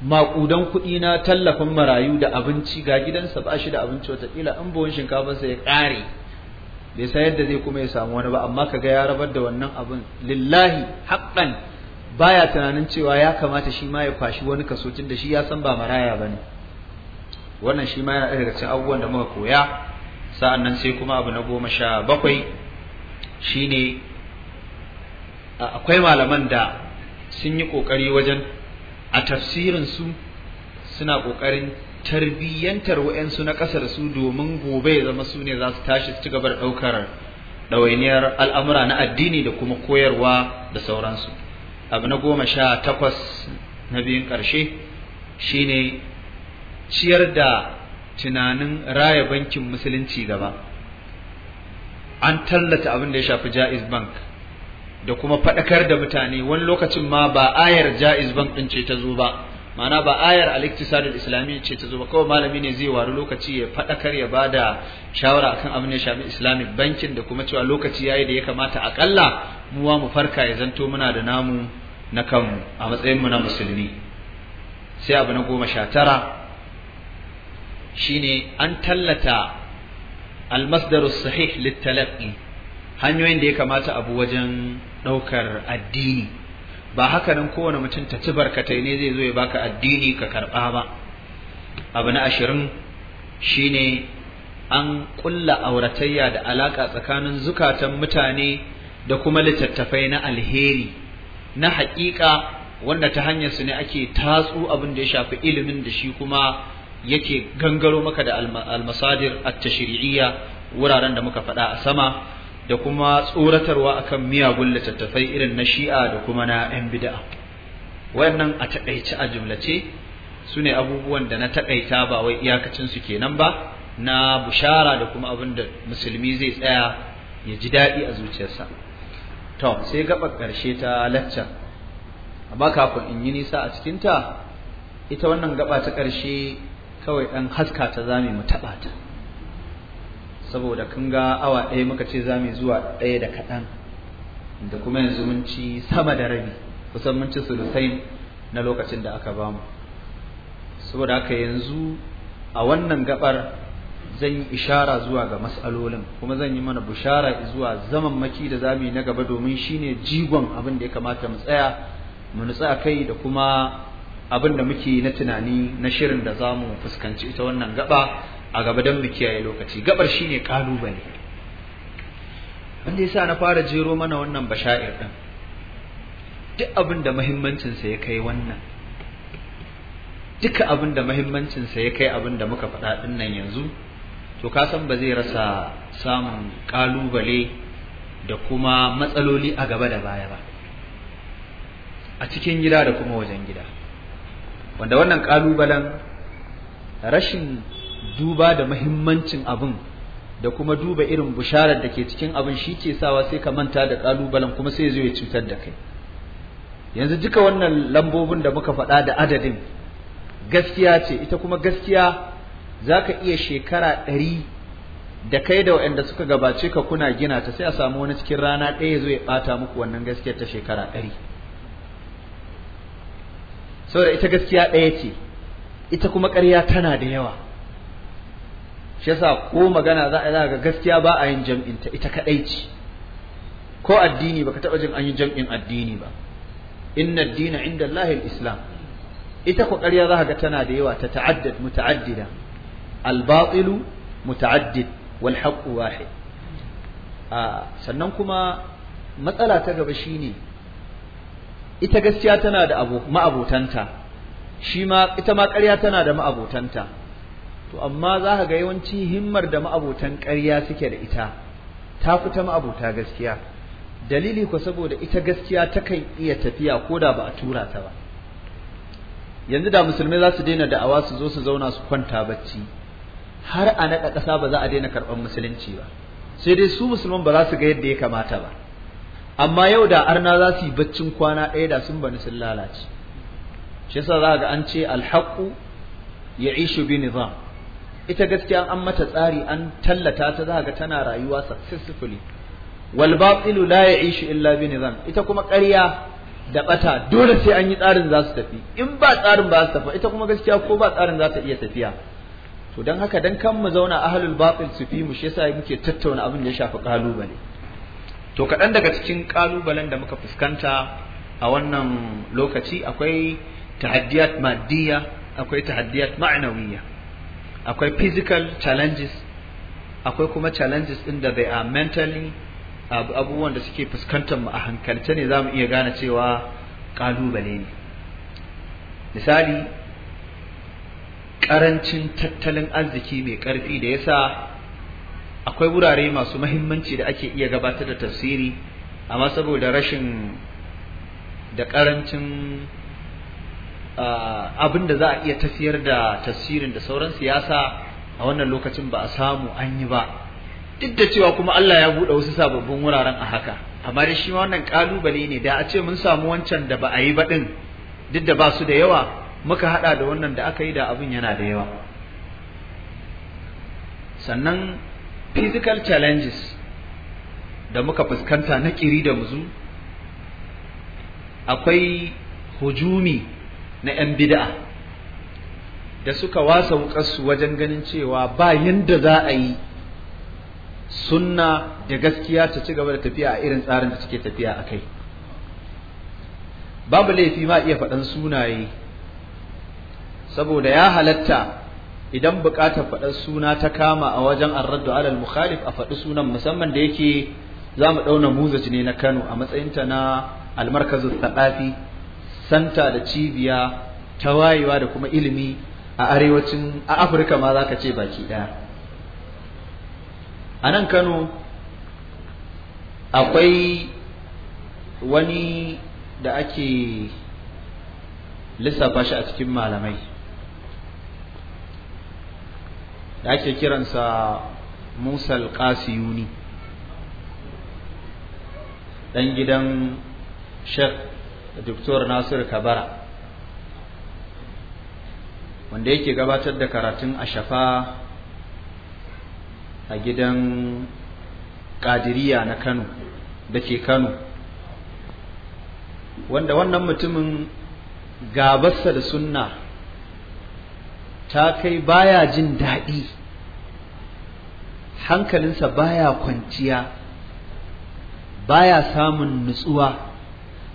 maƙudan kuɗi na tallafin marayu da abinci ga gidansa ba shi da abinci wataƙila in buhun shinkafarsa ya ƙare bai san yadda zai kuma ya samu wani ba amma kaga ya rabar da wannan abin lillahi haƙƙan baya tunanin cewa ya kamata shi ma ya kwashi wani kaso tun da shi ya san ba maraya ba ne? wannan shi ma yana ɗaya daga cikin abubuwan da muka koya sa'an nan sai kuma abu na goma sha bakwai shine akwai malaman da sun yi ƙoƙari wajen a tafsirinsu suna ƙoƙarin tarbiyyantar wa'yansu na ƙasar su domin gobe ya zama su ne za su tashi su ci gabar da ɗaukar ɗawainiyar al'amura na addini da kuma koyarwa da sauransu abu na goma sha takwas na biyun ƙarshe shine ciyar da tunanin raya bankin musulunci gaba an tallata abin da ya shafi jaiz bank da kuma faɗakar da mutane wani lokacin ma ba ayar jaiz bank ɗin ce ta zo ba ma'ana ba ayar al-iktisadul islami ce ta zo ba kawai malami ne zai wari lokaci ya faɗakar ya bada shawara akan abin ya shafi islami bankin da kuma cewa lokaci yayi da ya kamata akalla muwa mu farka ya zanto muna da namu na kanmu a matsayin mu na musulmi sai abu na goma sha tara shine an tallata al-masdarus sahih lit-talaqqi hanyoyin da ya kamata abu wajen ɗaukar addini ba haka nan kowane mutum ta ci barkatai ne zai zo ya baka addini ka karɓa ba abu na ashirin shine an ƙulla auratayya da alaƙa tsakanin zukatan mutane da kuma littattafai na alheri na haƙiƙa wanda ta hanyar su ne ake tatsu abin da ya shafi ilimin da shi kuma yake gangaro maka da almasadir at wuraren da muka faɗa a sama da kuma tsoratarwa akan miyagun littattafai irin na shi'a da kuma na 'yan bida'a wayannan a taƙaice a jumlace su ne abubuwan da na taƙaita ba wai iyakacinsu kenan ba na bushara da kuma abin da musulmi zai tsaya ya ji daɗi a zuciyarsa to sai gaba ƙarshe ta lacca amma kafin in yi nisa a cikinta ita wannan gaba ta ƙarshe kawai ɗan haska ta zame mu taɓa ta saboda kun ga awa ɗaya muka ce za mu zuwa ɗaya da kaɗan da kuma yanzu mun ci sama da rabi kusan mun ci sulusain na lokacin da aka bamu saboda haka yanzu a wannan gabar zan yi ishara zuwa ga matsalolin kuma zan yi mana bushara zuwa zaman maki da mu yi na gaba domin shine jigon abin da ya kamata mu tsaya mu nutsa kai da kuma abin da muke na tunani na shirin da zamu fuskanci ita wannan gaba a gaba don mu kiyaye lokaci gabar shine kalubale wanda yasa na fara jero mana wannan bashair din duk abin da muhimmancin sa ya kai wannan duka abin da muhimmancin sa ya kai abin da muka faɗa din nan yanzu to ka san ba zai rasa samun kalubale da kuma matsaloli a gaba da baya ba a cikin gida da kuma wajen gida wanda wannan kalubalen rashin duba da mahimmancin abin da kuma duba irin bisharar da ke cikin abin shi ke sawa sai ka manta da kalubalen kuma sai zai cutar da kai yanzu duka wannan lambobin da muka faɗa da adadin gaskiya ce ita kuma gaskiya za ka iya shekara ɗari da kai da waɗanda suka gabace ka kuna gina ta sai a samu wani cikin rana ɗaya zo ya ɓata muku wannan gaskiyar ta shekara ɗari saboda ita gaskiya ɗaya ce ita kuma ƙarya tana da yawa shi yasa ko magana za a ga gaskiya ba a yin jam'in ta ita kadai ce ko addini baka taba jin an yi jam'in addini ba inna ad-dina inda Allah islam ita ko ƙarya za ga tana da yawa ta ta'addad muta'addida al-batilu muta'addid wal haqq wahid a sannan kuma matsala ta gaba shine ita gaskiya tana da abu shi ma ita ma ƙarya tana da ma'abotanta to amma za ka ga yawanci himmar da ma'abotan ƙarya suke da ita ta fita ma'abota gaskiya dalili ko saboda ita gaskiya takan iya tafiya ko da ba a tura ta ba yanzu da musulmai za su daina da'awa su zo su zauna su kwanta bacci har a naɗa ƙasa ba za a daina karɓar musulunci ba sai dai su musulman ba za su ga yadda ya kamata ba amma yau da arna za su yi baccin kwana ɗaya da sun bani sun lalace shi yasa za ga an ce alhaqu ya ishu bi nizam ita gaskiya an mata tsari an tallata ta za ga tana rayuwa successfully wal batilu la ya'ishu illa bi nizam ita kuma ƙarya da bata dole sai an yi tsarin za su tafi in ba tsarin ba su tafi ita kuma gaskiya ko ba tsarin za ta iya tafiya to dan haka dan kan mu zauna ahlul batil su fi mu shi yasa muke tattauna abin da ya shafi kalubale to kaɗan daga cikin kalubalen da muka fuskanta a wannan lokaci akwai tahaddiyat maddiya akwai tahaddiyat ma'anawiyya. akwai physical challenges akwai kuma challenges din da they are mentally abubuwan da suke fuskantar mu a hankalce ne zamu iya gane cewa kalubale ne misali karancin tattalin arziki mai karfi da yasa akwai wurare masu mahimmanci da ake iya gabatar da tafsiri amma saboda rashin da karancin abin da za a iya tafiyar da tasirin da sauran siyasa a wannan lokacin ba a samu an yi ba duk da cewa kuma Allah ya buɗe wasu sababbin wuraren a haka amma dai shi wannan kalubale ne da a ce mun samu wancan da ba a yi ba din duk da ba su da yawa muka haɗa da wannan da aka yi da abin yana da yawa sannan physical challenges da muka fuskanta na kiri da muzu akwai hujumi na 'yan bida'a da suka wasa wukarsu wajen ganin cewa ba yadda za a yi sunna da gaskiya ta ci gaba da tafiya a irin tsarin da suke tafiya a kai babu laifi ma iya faɗan sunaye saboda ya halatta idan buƙatar faɗar suna ta kama a wajen arraddu alal mukhalif a faɗi sunan musamman da yake za mu ɗauna muzaci ne na kano a matsayinta na almarkazin saɗafi santa da cibiya ta wayewa da kuma ilimi a arewacin a afirka ma za ka ce baki ɗaya a nan kano akwai wani da ake lissafa shi a cikin malamai da ake kiransa musa Yuni ɗan gidan shek Dr. Nasiru Kabara wanda yake gabatar da karatun a shafa a gidan Kadiriya na Kano da ke Kano wanda wannan mutumin gabarsa da sunna ta kai baya jin daɗi hankalinsa baya kwanciya baya samun nutsuwa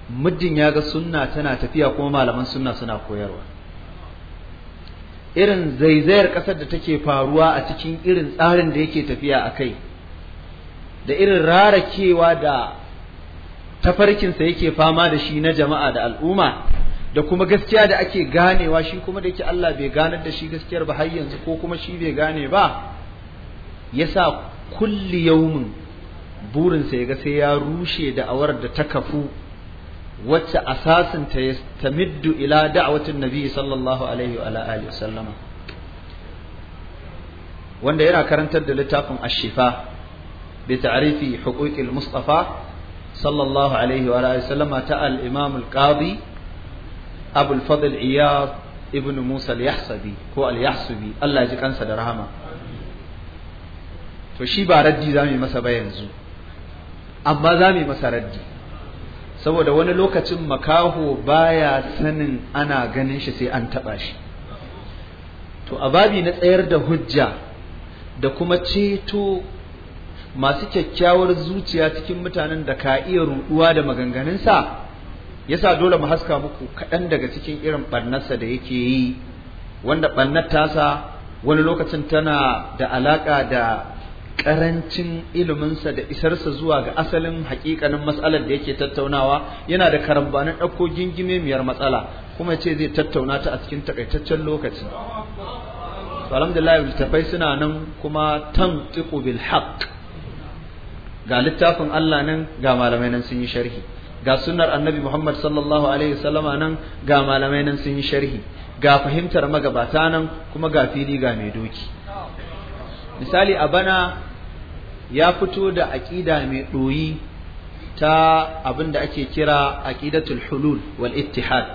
muddin ya ga sunna tana tafiya kuma malaman sunna suna koyarwa irin zaizayar ƙasar da take faruwa a cikin irin tsarin da yake tafiya a kai da irin rarakewa da tafarkinsa yake fama da shi na jama'a da al'umma da kuma gaskiya da ake ganewa shi kuma da yake Allah bai ganar da shi gaskiyar ba har yanzu ko kuma shi bai gane ba yasa kulli yaumin burinsa ya ga sai ya rushe da awar da ta kafu wacce asasin ta tamiddu ila da'watin nabi sallallahu alaihi wa alihi sallama wanda yana karantar da littafin ashifa bi ta'rifi huquqil mustafa sallallahu alaihi wa alihi sallama ta al-imam al-qadi abul fadl iyad ibn musa al-yahsabi ko al-yahsubi Allah ya ji kansa da rahama to shi ba raddi zamu masa ba yanzu amma zamu masa raddi saboda wani lokacin makaho baya sanin ana ganin shi sai an taɓa shi to a babi na tsayar da hujja da kuma ceto masu kyakkyawar zuciya cikin mutanen da ka iya ruɗuwa da maganganunsa yasa dole mu haska muku kaɗan daga cikin irin ɓarnarsa da yake yi wanda ɓarnar tasa wani lokacin tana da alaƙa da karancin iliminsa da isarsa zuwa ga asalin hakikanin matsalar da yake tattaunawa yana da karambanin ɗauko gingime miyar matsala kuma ce zai tattauna ta a cikin takaitaccen lokaci alhamdulillah littafai suna nan kuma tan tiku bil haqq ga littafin Allah nan ga malamai nan sun yi sharhi ga sunnar annabi Muhammad sallallahu alaihi wasallama nan ga malamai nan sun yi sharhi ga fahimtar magabata nan kuma ga fili ga mai doki misali a bana ya fito da aƙida mai ɗoyi ta abin da ake kira aƙidatul hulul wal ittihad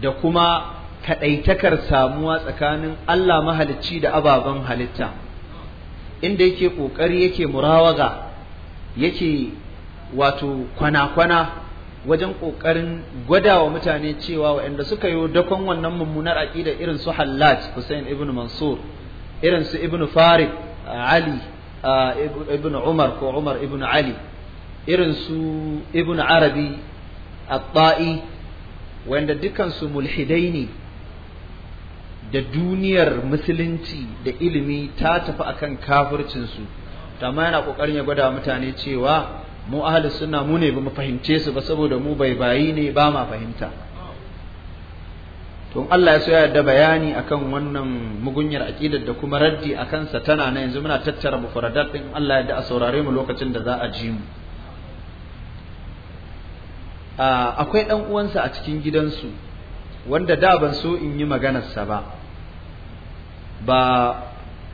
da kuma kaɗaitakar samuwa tsakanin Allah mahalicci da ababen halitta inda yake ƙoƙari yake murawaga yake wato kwana-kwana wajen ƙoƙarin gwadawa mutane cewa waɗanda suka yi dakon wannan mummunar aƙida irin su Hallaj Hussein ibn Mansur irin su ibn farid ali ibn umar ko umar ibn ali irin su ibn arabi at-ta'i wanda dukansu mulhidai ne da duniyar musulunci da ilimi ta tafi akan kafircinsu amma yana kokarin ya gwada mutane cewa mu ahlus sunna mu ne ba mu fahimce su ba saboda mu bai bayi ne ba ma fahimta to Allah ya so ya da bayani akan wannan mugunyar aqidar da kuma raddi akan sa tana na yanzu muna tattara mufradat din Allah ya da a saurare mu lokacin da za a ji mu akwai dan uwansa a cikin gidansu wanda da ban so in yi maganar sa ba ba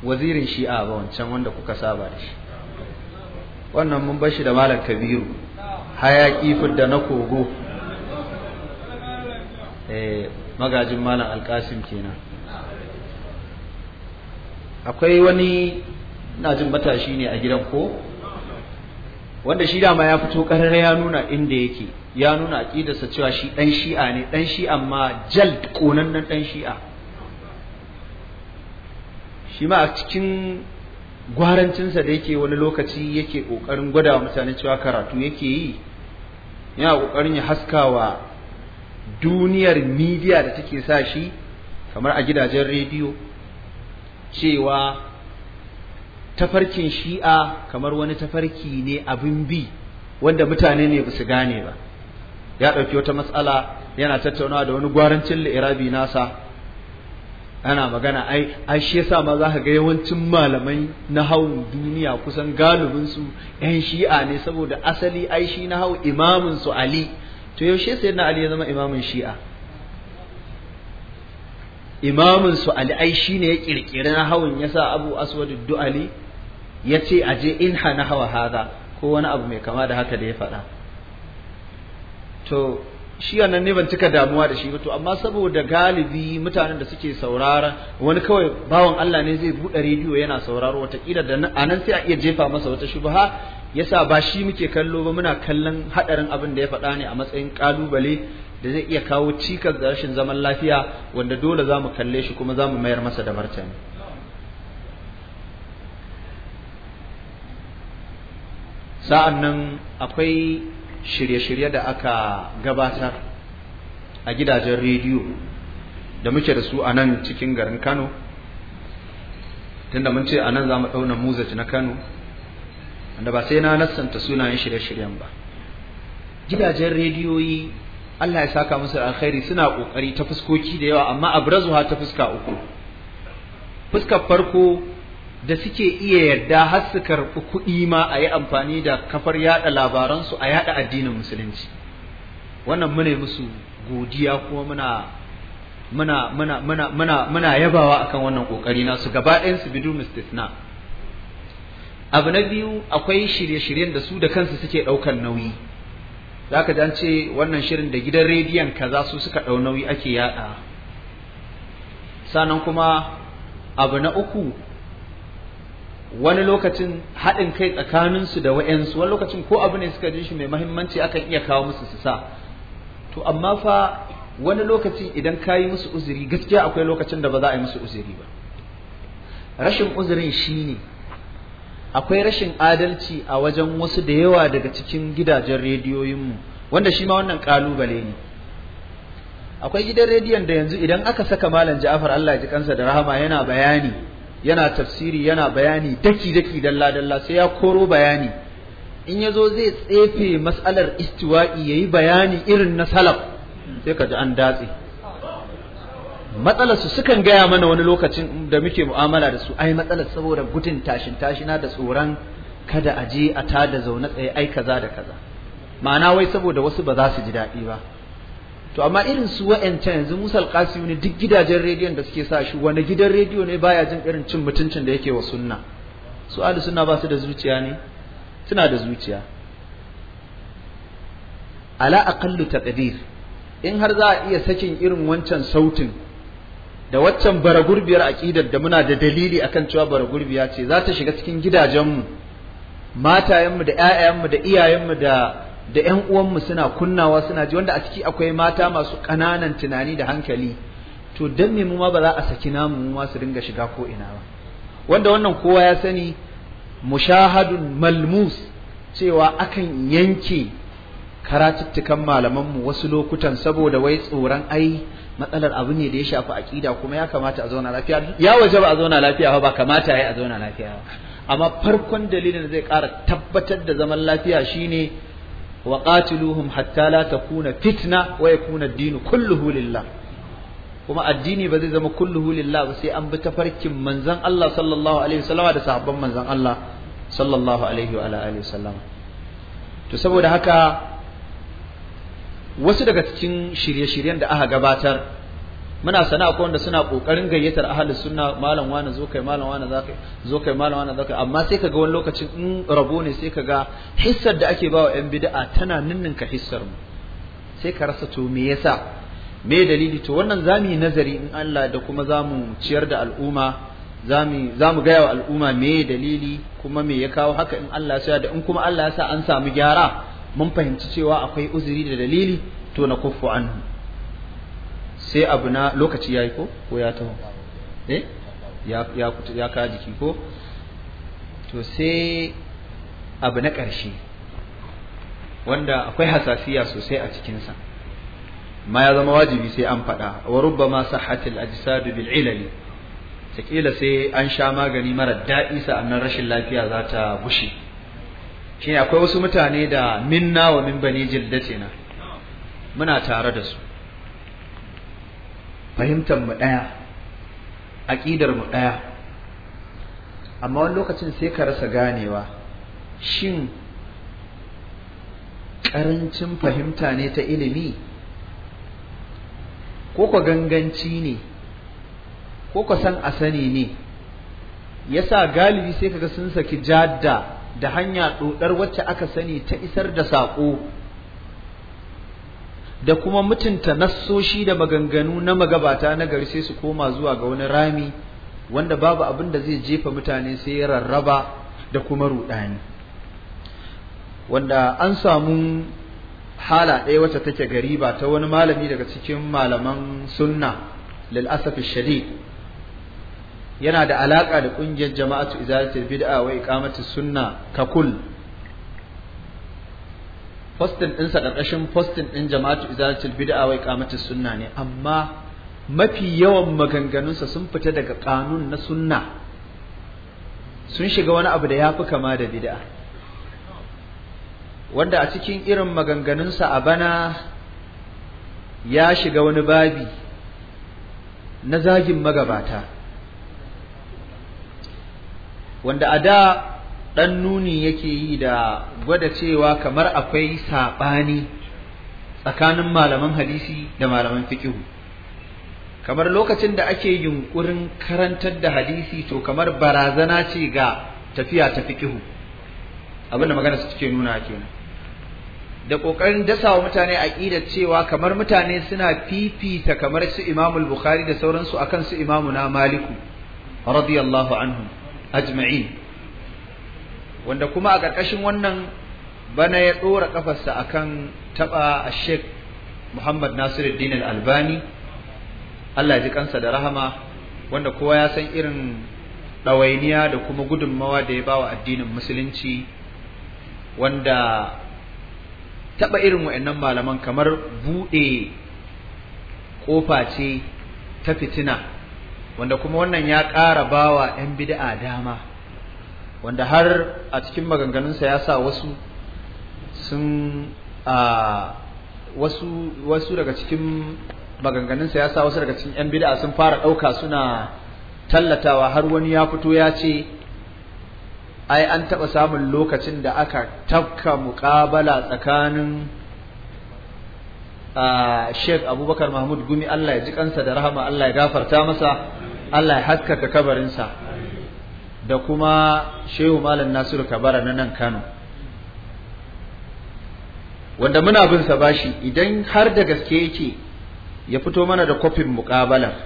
wazirin shi'a ba wancan wanda kuka saba da shi wannan mun bar shi da malam kabiru hayaki fudda na kogo eh, magajin malam alkasim kenan akwai wani na jin matashi ne a gidan ko wanda shi dama ya fito karara ya nuna inda yake ya nuna aqidarsa cewa shi ɗan shi'a ne dan shi'a ma jal konannen dan shi'a shi ma a cikin gwarancinsa da yake wani lokaci yake kokarin gwada wa mutane cewa karatu yake yi yana kokarin ya haskawa duniyar midiya da take sa shi kamar a gidajen rediyo cewa tafarkin shi'a kamar wani tafarki ne abin bi wanda mutane ne basu gane ba ya ɗauki wata matsala yana tattaunawa da wani gwarancin li'irabi nasa ana magana ai ai shi yasa ma za ka ga yawancin malamai na duniya kusan galibinsu yan shi'a ne saboda asali ai shi na hawu imamin su ali to yaushe sayyidina ali ya zama imamin shi'a imamin su ali ai shine ya kirkiri na hawan yasa abu aswad du'ali ya ce aje in na hawa haza ko wani abu mai kama da haka da ya faɗa to shi wannan ne ban cika damuwa da shi ba to amma saboda galibi mutanen da suke saurara wani kawai bawan Allah ne zai buɗe rediyo yana sauraro watakila da a nan sai a iya jefa masa wata shubha yasa ba shi muke kallo ba muna kallon hadarin abin da ya faɗa ne a matsayin kalubale da zai iya kawo cikas da rashin zaman lafiya wanda dole za mu kalle shi kuma za mu mayar masa da martani sa'an nan akwai shirye-shirye da aka gabatar a gidajen rediyo da muke da su a nan cikin garin kano tunda mun ce a nan za mu ɗauna muzaj na kano wanda ba sai na nassanta sunayen shirye-shiryen ba gidajen rediyoyi Allah ya saka musu alkhairi suna ƙoƙari ta fuskoki da yawa amma abrazuha ta fuska uku fuskar farko da suke iya yarda har su karɓi kuɗi ma a yi amfani da kafar yaɗa labaransu a yaɗa addinin musulunci wannan muna musu godiya kuma muna muna muna muna muna yabawa akan wannan kokari nasu gaba ɗayan su bidu mustisna abu na biyu akwai shirye-shiryen da su da kansu suke ɗaukan nauyi za ka ce wannan shirin da gidan rediyon ka za su suka ɗau nauyi ake yaɗa sannan kuma abu na uku wani lokacin haɗin kai tsakaninsu da wa'yansu wani lokacin ko abu ne suka ji shi mai mahimmanci akan iya kawo musu su sa to amma fa wani lokacin idan ka yi musu uzuri gaskiya akwai lokacin da ba za a yi musu uzuri ba rashin uzurin shi ne akwai rashin adalci a wajen wasu da yawa daga cikin gidajen rediyoyinmu wanda shi ma wannan kalubale ne akwai gidan rediyon da yanzu idan aka saka malam Ja'far Allah ji kansa da rahama yana bayani yana tafsiri yana bayani daki daki dalla dalla sai ya koro bayani in ya zo zai tsefe mas'alar istiwa'i yayi bayani irin na salaf sai ka ji an datse matsalar su sukan gaya mana wani lokacin da muke mu'amala da su ai matsalar saboda gudun tashin tashina da tsoron kada a je a ta da zaune tsaye ai kaza da kaza ma'ana wai saboda wasu ba za su ji daɗi ba to amma irin su wayanta yanzu Musa Alƙasimu ne duk gidajen rediyon da suke sa shi wani gidan rediyo ne baya jin irin cin mutuncin da yake wa sunna su ahli sunna ba su da zuciya ne suna da zuciya ala aqallu taqdir in har za a iya sakin irin wancan sautin da waccan baragurbiyar aƙidar da muna da dalili akan cewa baragurbiya ce za ta shiga cikin gidajenmu matayenmu da 'ya'yanmu da iyayenmu da da ƴan uwanmu suna kunnawa suna ji wanda a ciki akwai mata masu ƙananan tunani da hankali to dan me mu ma ba za a saki namu mu ma su dinga shiga ko ina ba wanda wannan kowa ya sani mushahadun malmus cewa akan yanke karatuttukan malamanmu wasu lokutan saboda wai tsoron ai matsalar abu ne da ya shafi aƙida kuma ya kamata a zauna lafiya ya waje ba a zauna lafiya ba kamata ya a zauna lafiya ba. amma farkon dalilin zai ƙara tabbatar da zaman lafiya shine wa qatiluhum hatta la takuna fitna wa yakuna ad-din kulluhu lillah kuma addini ba zai zama kulluhu lillah ba sai an bi tafarkin manzon Allah sallallahu alaihi wasallam da sahabban manzon Allah sallallahu alaihi wa alihi wasallam to saboda haka wasu daga cikin shirye-shiryen da aka gabatar muna sana'a ko wanda suna kokarin gayyatar ahalin sunna malam wani zo kai malam wani za kai zo kai malam wani za kai amma sai kaga wani lokacin in rabo ne sai kaga hissar da ake bawa yan bid'a tana ninninka hissar mu sai ka rasa to me yasa me dalili to wannan zamu yi nazari in Allah da kuma zamu ciyar da al'umma zamu zamu gaya wa al'umma me dalili kuma me ya kawo haka in Allah ya sa da in kuma Allah ya sa an samu gyara mun fahimci cewa akwai uzuri da dalili to na kuffu anhu sai abu na lokaci yayi ko ko ya taho eh ya ya ka jiki ko to sai abu na ƙarshe wanda akwai hasasiya sosai a cikinsa ma ya zama wajibi sai an faɗa wa rubbama sahhatil ajsadu bil ilali kila sai an sha magani mara daɗi sa'annan rashin lafiya za ta bushe shine akwai wasu mutane da minna wa min bani na? muna tare da su fahimtar mu ɗaya, aƙidar mu ɗaya. amma wani lokacin sai ka rasa ganewa shin ƙarancin fahimta ne ta ilimi ko ka ganganci ne ko ka san asani ne yasa galibi sai ka ga sun saki jadda da hanya dodar wacce aka sani ta isar da saƙo da kuma mutunta nassoshi da maganganu na magabata na gari sai su koma zuwa ga wani rami wanda babu abin da zai jefa mutane sai ya rarraba da kuma rudani wanda an samu hala ɗaya wacce take ba ta wani malami daga cikin malaman sunna lil asafi yana da alaƙa da ƙungiyar jama'atu izalatul bid'a wa iqamati sunna kakul postin ɗinsa ƙarƙashin postin ɗin jama'atu izalatul bid'a wa iqamati sunna ne amma mafi yawan maganganunsa sun fita daga kanun na sunna sun shiga wani abu da ya fi kama da bid'a wanda a cikin irin maganganunsa a bana ya shiga wani babi na zagin magabata wanda a da ɗan nuni yake yi da gwada cewa kamar akwai saɓani tsakanin malaman hadisi da malaman fikihu kamar lokacin da ake yunkurin karantar da hadisi to kamar barazana ce ga tafiya ta fikihu abin da magana su nuna nuna kenan da ƙoƙarin dasa wa mutane ƙida cewa kamar mutane suna fifita kamar su imamul bukhari da sauransu akan su imamu na maliku radiyallahu anhu ajma'in wanda kuma a ƙarƙashin wannan bana ya ɗora ƙafarsa akan taɓa a sheikh muhammad nasiruddin al-albani allah ji kansa da rahama wanda kowa ya san irin ɗawainiya da kuma gudunmawa da ya ba wa addinin musulunci wanda taɓa irin wa'annan malaman kamar buɗe ƙofa ce ta fitina wanda kuma wannan ya ƙara bawa 'yan bid'a dama wanda har a cikin maganganunsa ya sa wasu sun a wasu daga cikin maganganunsa ya sa wasu daga cikin 'yan bid'a sun fara ɗauka suna tallatawa har wani ya fito ya ce ai an taɓa samun lokacin da aka tafka muƙabala tsakanin Sheikh Abubakar Mahmud Gumi Allah ya ji kansa da rahama Allah ya gafarta masa Allah ya haskaka kabarinsa da kuma Shehu Malam Nasiru Kabara na nan Kano wanda muna bin sa bashi idan har da gaske yake ya fito mana da kofin muƙabalar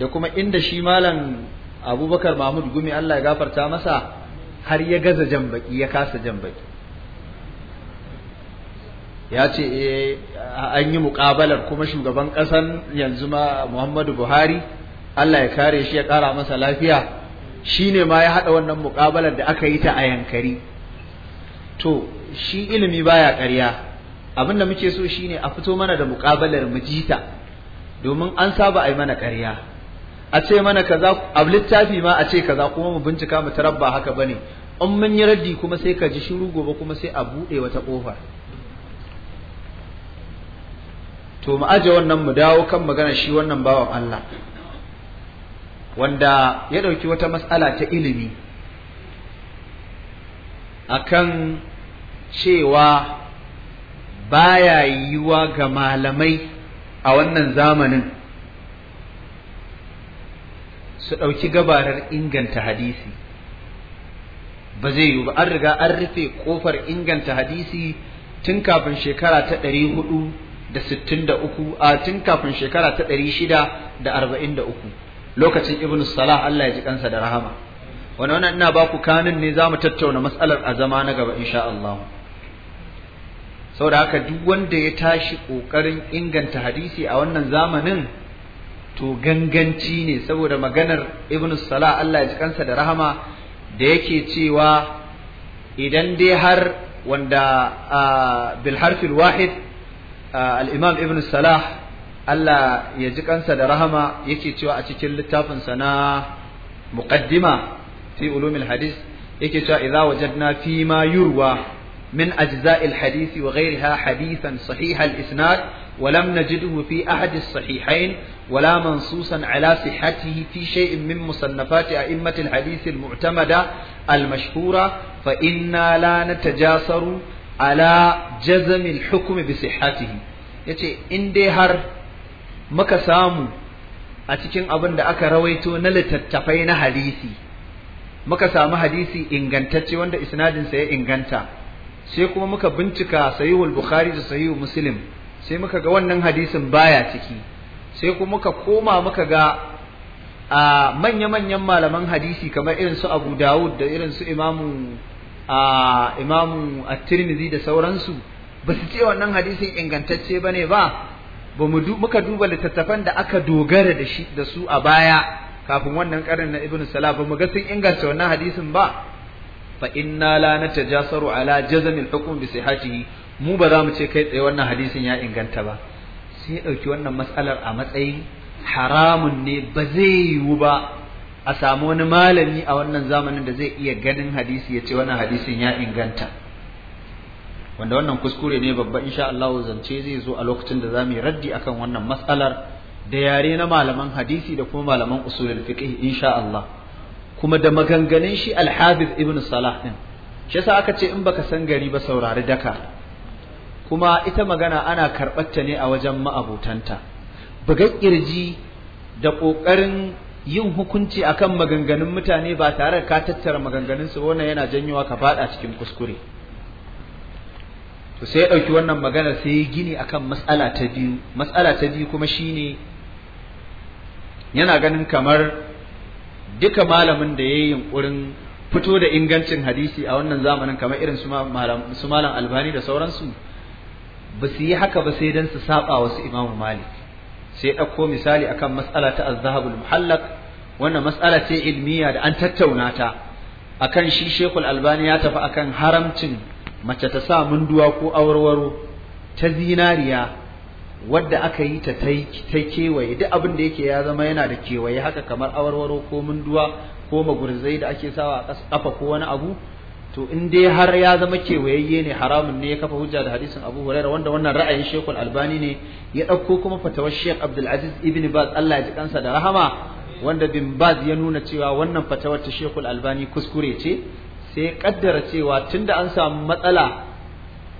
da kuma inda shi Malam Abubakar Mahmud Gumi Allah ya gafarta masa har ya gaza jambaki ya kasa jambaki ya ce eh, an yi muƙabalar kuma shugaban kasan yanzu ma Muhammadu Buhari Allah ya kare shi ya kara masa lafiya shine ma ya haɗa wannan mukabalar da aka yi ta a yankari to shi ilimi baya ƙarya abinda muke so shine a fito mana da mukabalar mu jita domin an saba a yi mana ƙarya a ce mana kaza a littafi ma a ce kaza kuma mu bincika mu tarabba haka bane in mun yi raddi kuma sai ka ji shiru gobe kuma sai a buɗe wata ƙofa to mu aje wannan mu dawo kan magana shi wannan bawan Allah wanda ya ɗauki wata matsala ta ilimi akan cewa baya yiwuwa ga malamai a wannan zamanin su ɗauki gabarar inganta hadisi ba zai yiwu ba an riga an rufe ƙofar inganta hadisi tun kafin shekara ta ɗari hudu da sittin da uku a tun kafin shekara ta ɗari shida da arba'in da uku lokacin ibn salah Allah ya ji kansa da rahama wani wannan ina baku kanin ne za mu tattauna matsalar azama na gaba insha Allah saboda haka duk wanda ya tashi ƙoƙarin inganta hadisi a wannan zamanin to ganganci ne saboda maganar ibn salah Allah ya ji kansa da rahama da yake cewa idan dai har wanda bilharfil wahid al’imam ibn salah Allah ya ji kansa da rahama yake cewa a cikin littafin littafinsa na muqaddima fi ulumil hadis yake cewa idza wajadna fi ma yurwa min ajza'il hadis wa ghayriha hadithan sahiha al-isnad wa lam najidhu fi ahad as-sahihayn wa la mansusan ala sihhatihi fi shay'in min musannafat a'immat al-hadith al-mu'tamada al-mashhura fa inna la natajasaru ala jazamil hukumi bi sihhatihi yace in dai har muka samu a cikin abin da aka rawaito na littattafai na hadisi muka samu hadisi ingantacce wanda isnadinsa ya inganta sai kuma muka bincika sahihul bukhari da sahihul muslim sai muka ga wannan hadisin baya ciki sai kuma muka koma muka ga a manya-manyan malaman hadisi kamar irin su abu dawud da irin su imamu a imamu at-tirmidhi da sauransu ba su ce wannan hadisin ingantacce bane ba ba mu muka duba littattafan da aka dogara da shi da su a baya kafin wannan karin na ibnu salah ba mu ga sun inganta wannan hadisin ba fa inna la natajasaru ala jazm al-hukm bi sihhatihi mu ba za mu ce kai tsaye wannan hadisin ya inganta ba sai ya dauki wannan mas'alar a matsayin haramun ne ba zai yiwu ba a samu wani malami a wannan zamanin da zai iya ganin hadisi ya ce wannan hadisin ya inganta wanda wannan kuskure ne babba insha Allah zance zai zo a lokacin da zamu yi raddi akan wannan matsalar da yare na malaman hadisi da kuma malaman usulul fiqh insha Allah kuma da maganganun shi al-Hafiz Ibn Salah din shi yasa aka ce in baka san gari ba saurari daka kuma ita magana ana karɓar ta ne a wajen ma'abotanta bugan kirji da ƙoƙarin yin hukunci akan maganganun mutane ba tare da ka tattara maganganun su wannan yana janyowa ka faɗa cikin kuskure to sai ya dauki wannan magana sai ya gini akan mas'ala ta biyu mas'ala ta biyu kuma shine yana ganin kamar duka malamin da yayi yunkurin fito da ingancin hadisi a wannan zamanin kamar irin su malam su malam albani da sauransu ba su yi haka ba sai dan su saba wasu imamu malik sai ɗauko misali akan matsala ta azhabul muhallaq wannan matsala ce ilmiya da an tattauna ta akan shi Sheikhul Albani ya tafi akan haramcin mace ta sa munduwa ko awarwaro ta zinariya wadda aka yi ta ta kewaye duk abin da yake ya zama yana da kewaye haka kamar awarwaro ko munduwa ko magurzai da ake sawa a kafa ko wani abu to in dai har ya zama kewayayye ne haramun ne ya kafa hujja da hadisin Abu Hurairah wanda wannan ra'ayin Sheikh Al-Albani ne ya ɗauko kuma fatawar Sheikh Abdul Aziz ibn Baz Allah ya ji kansa da rahama wanda bin Baz ya nuna cewa wannan fatawar ta Sheikh Al-Albani kuskure ce sai kaddara cewa tunda an samu matsala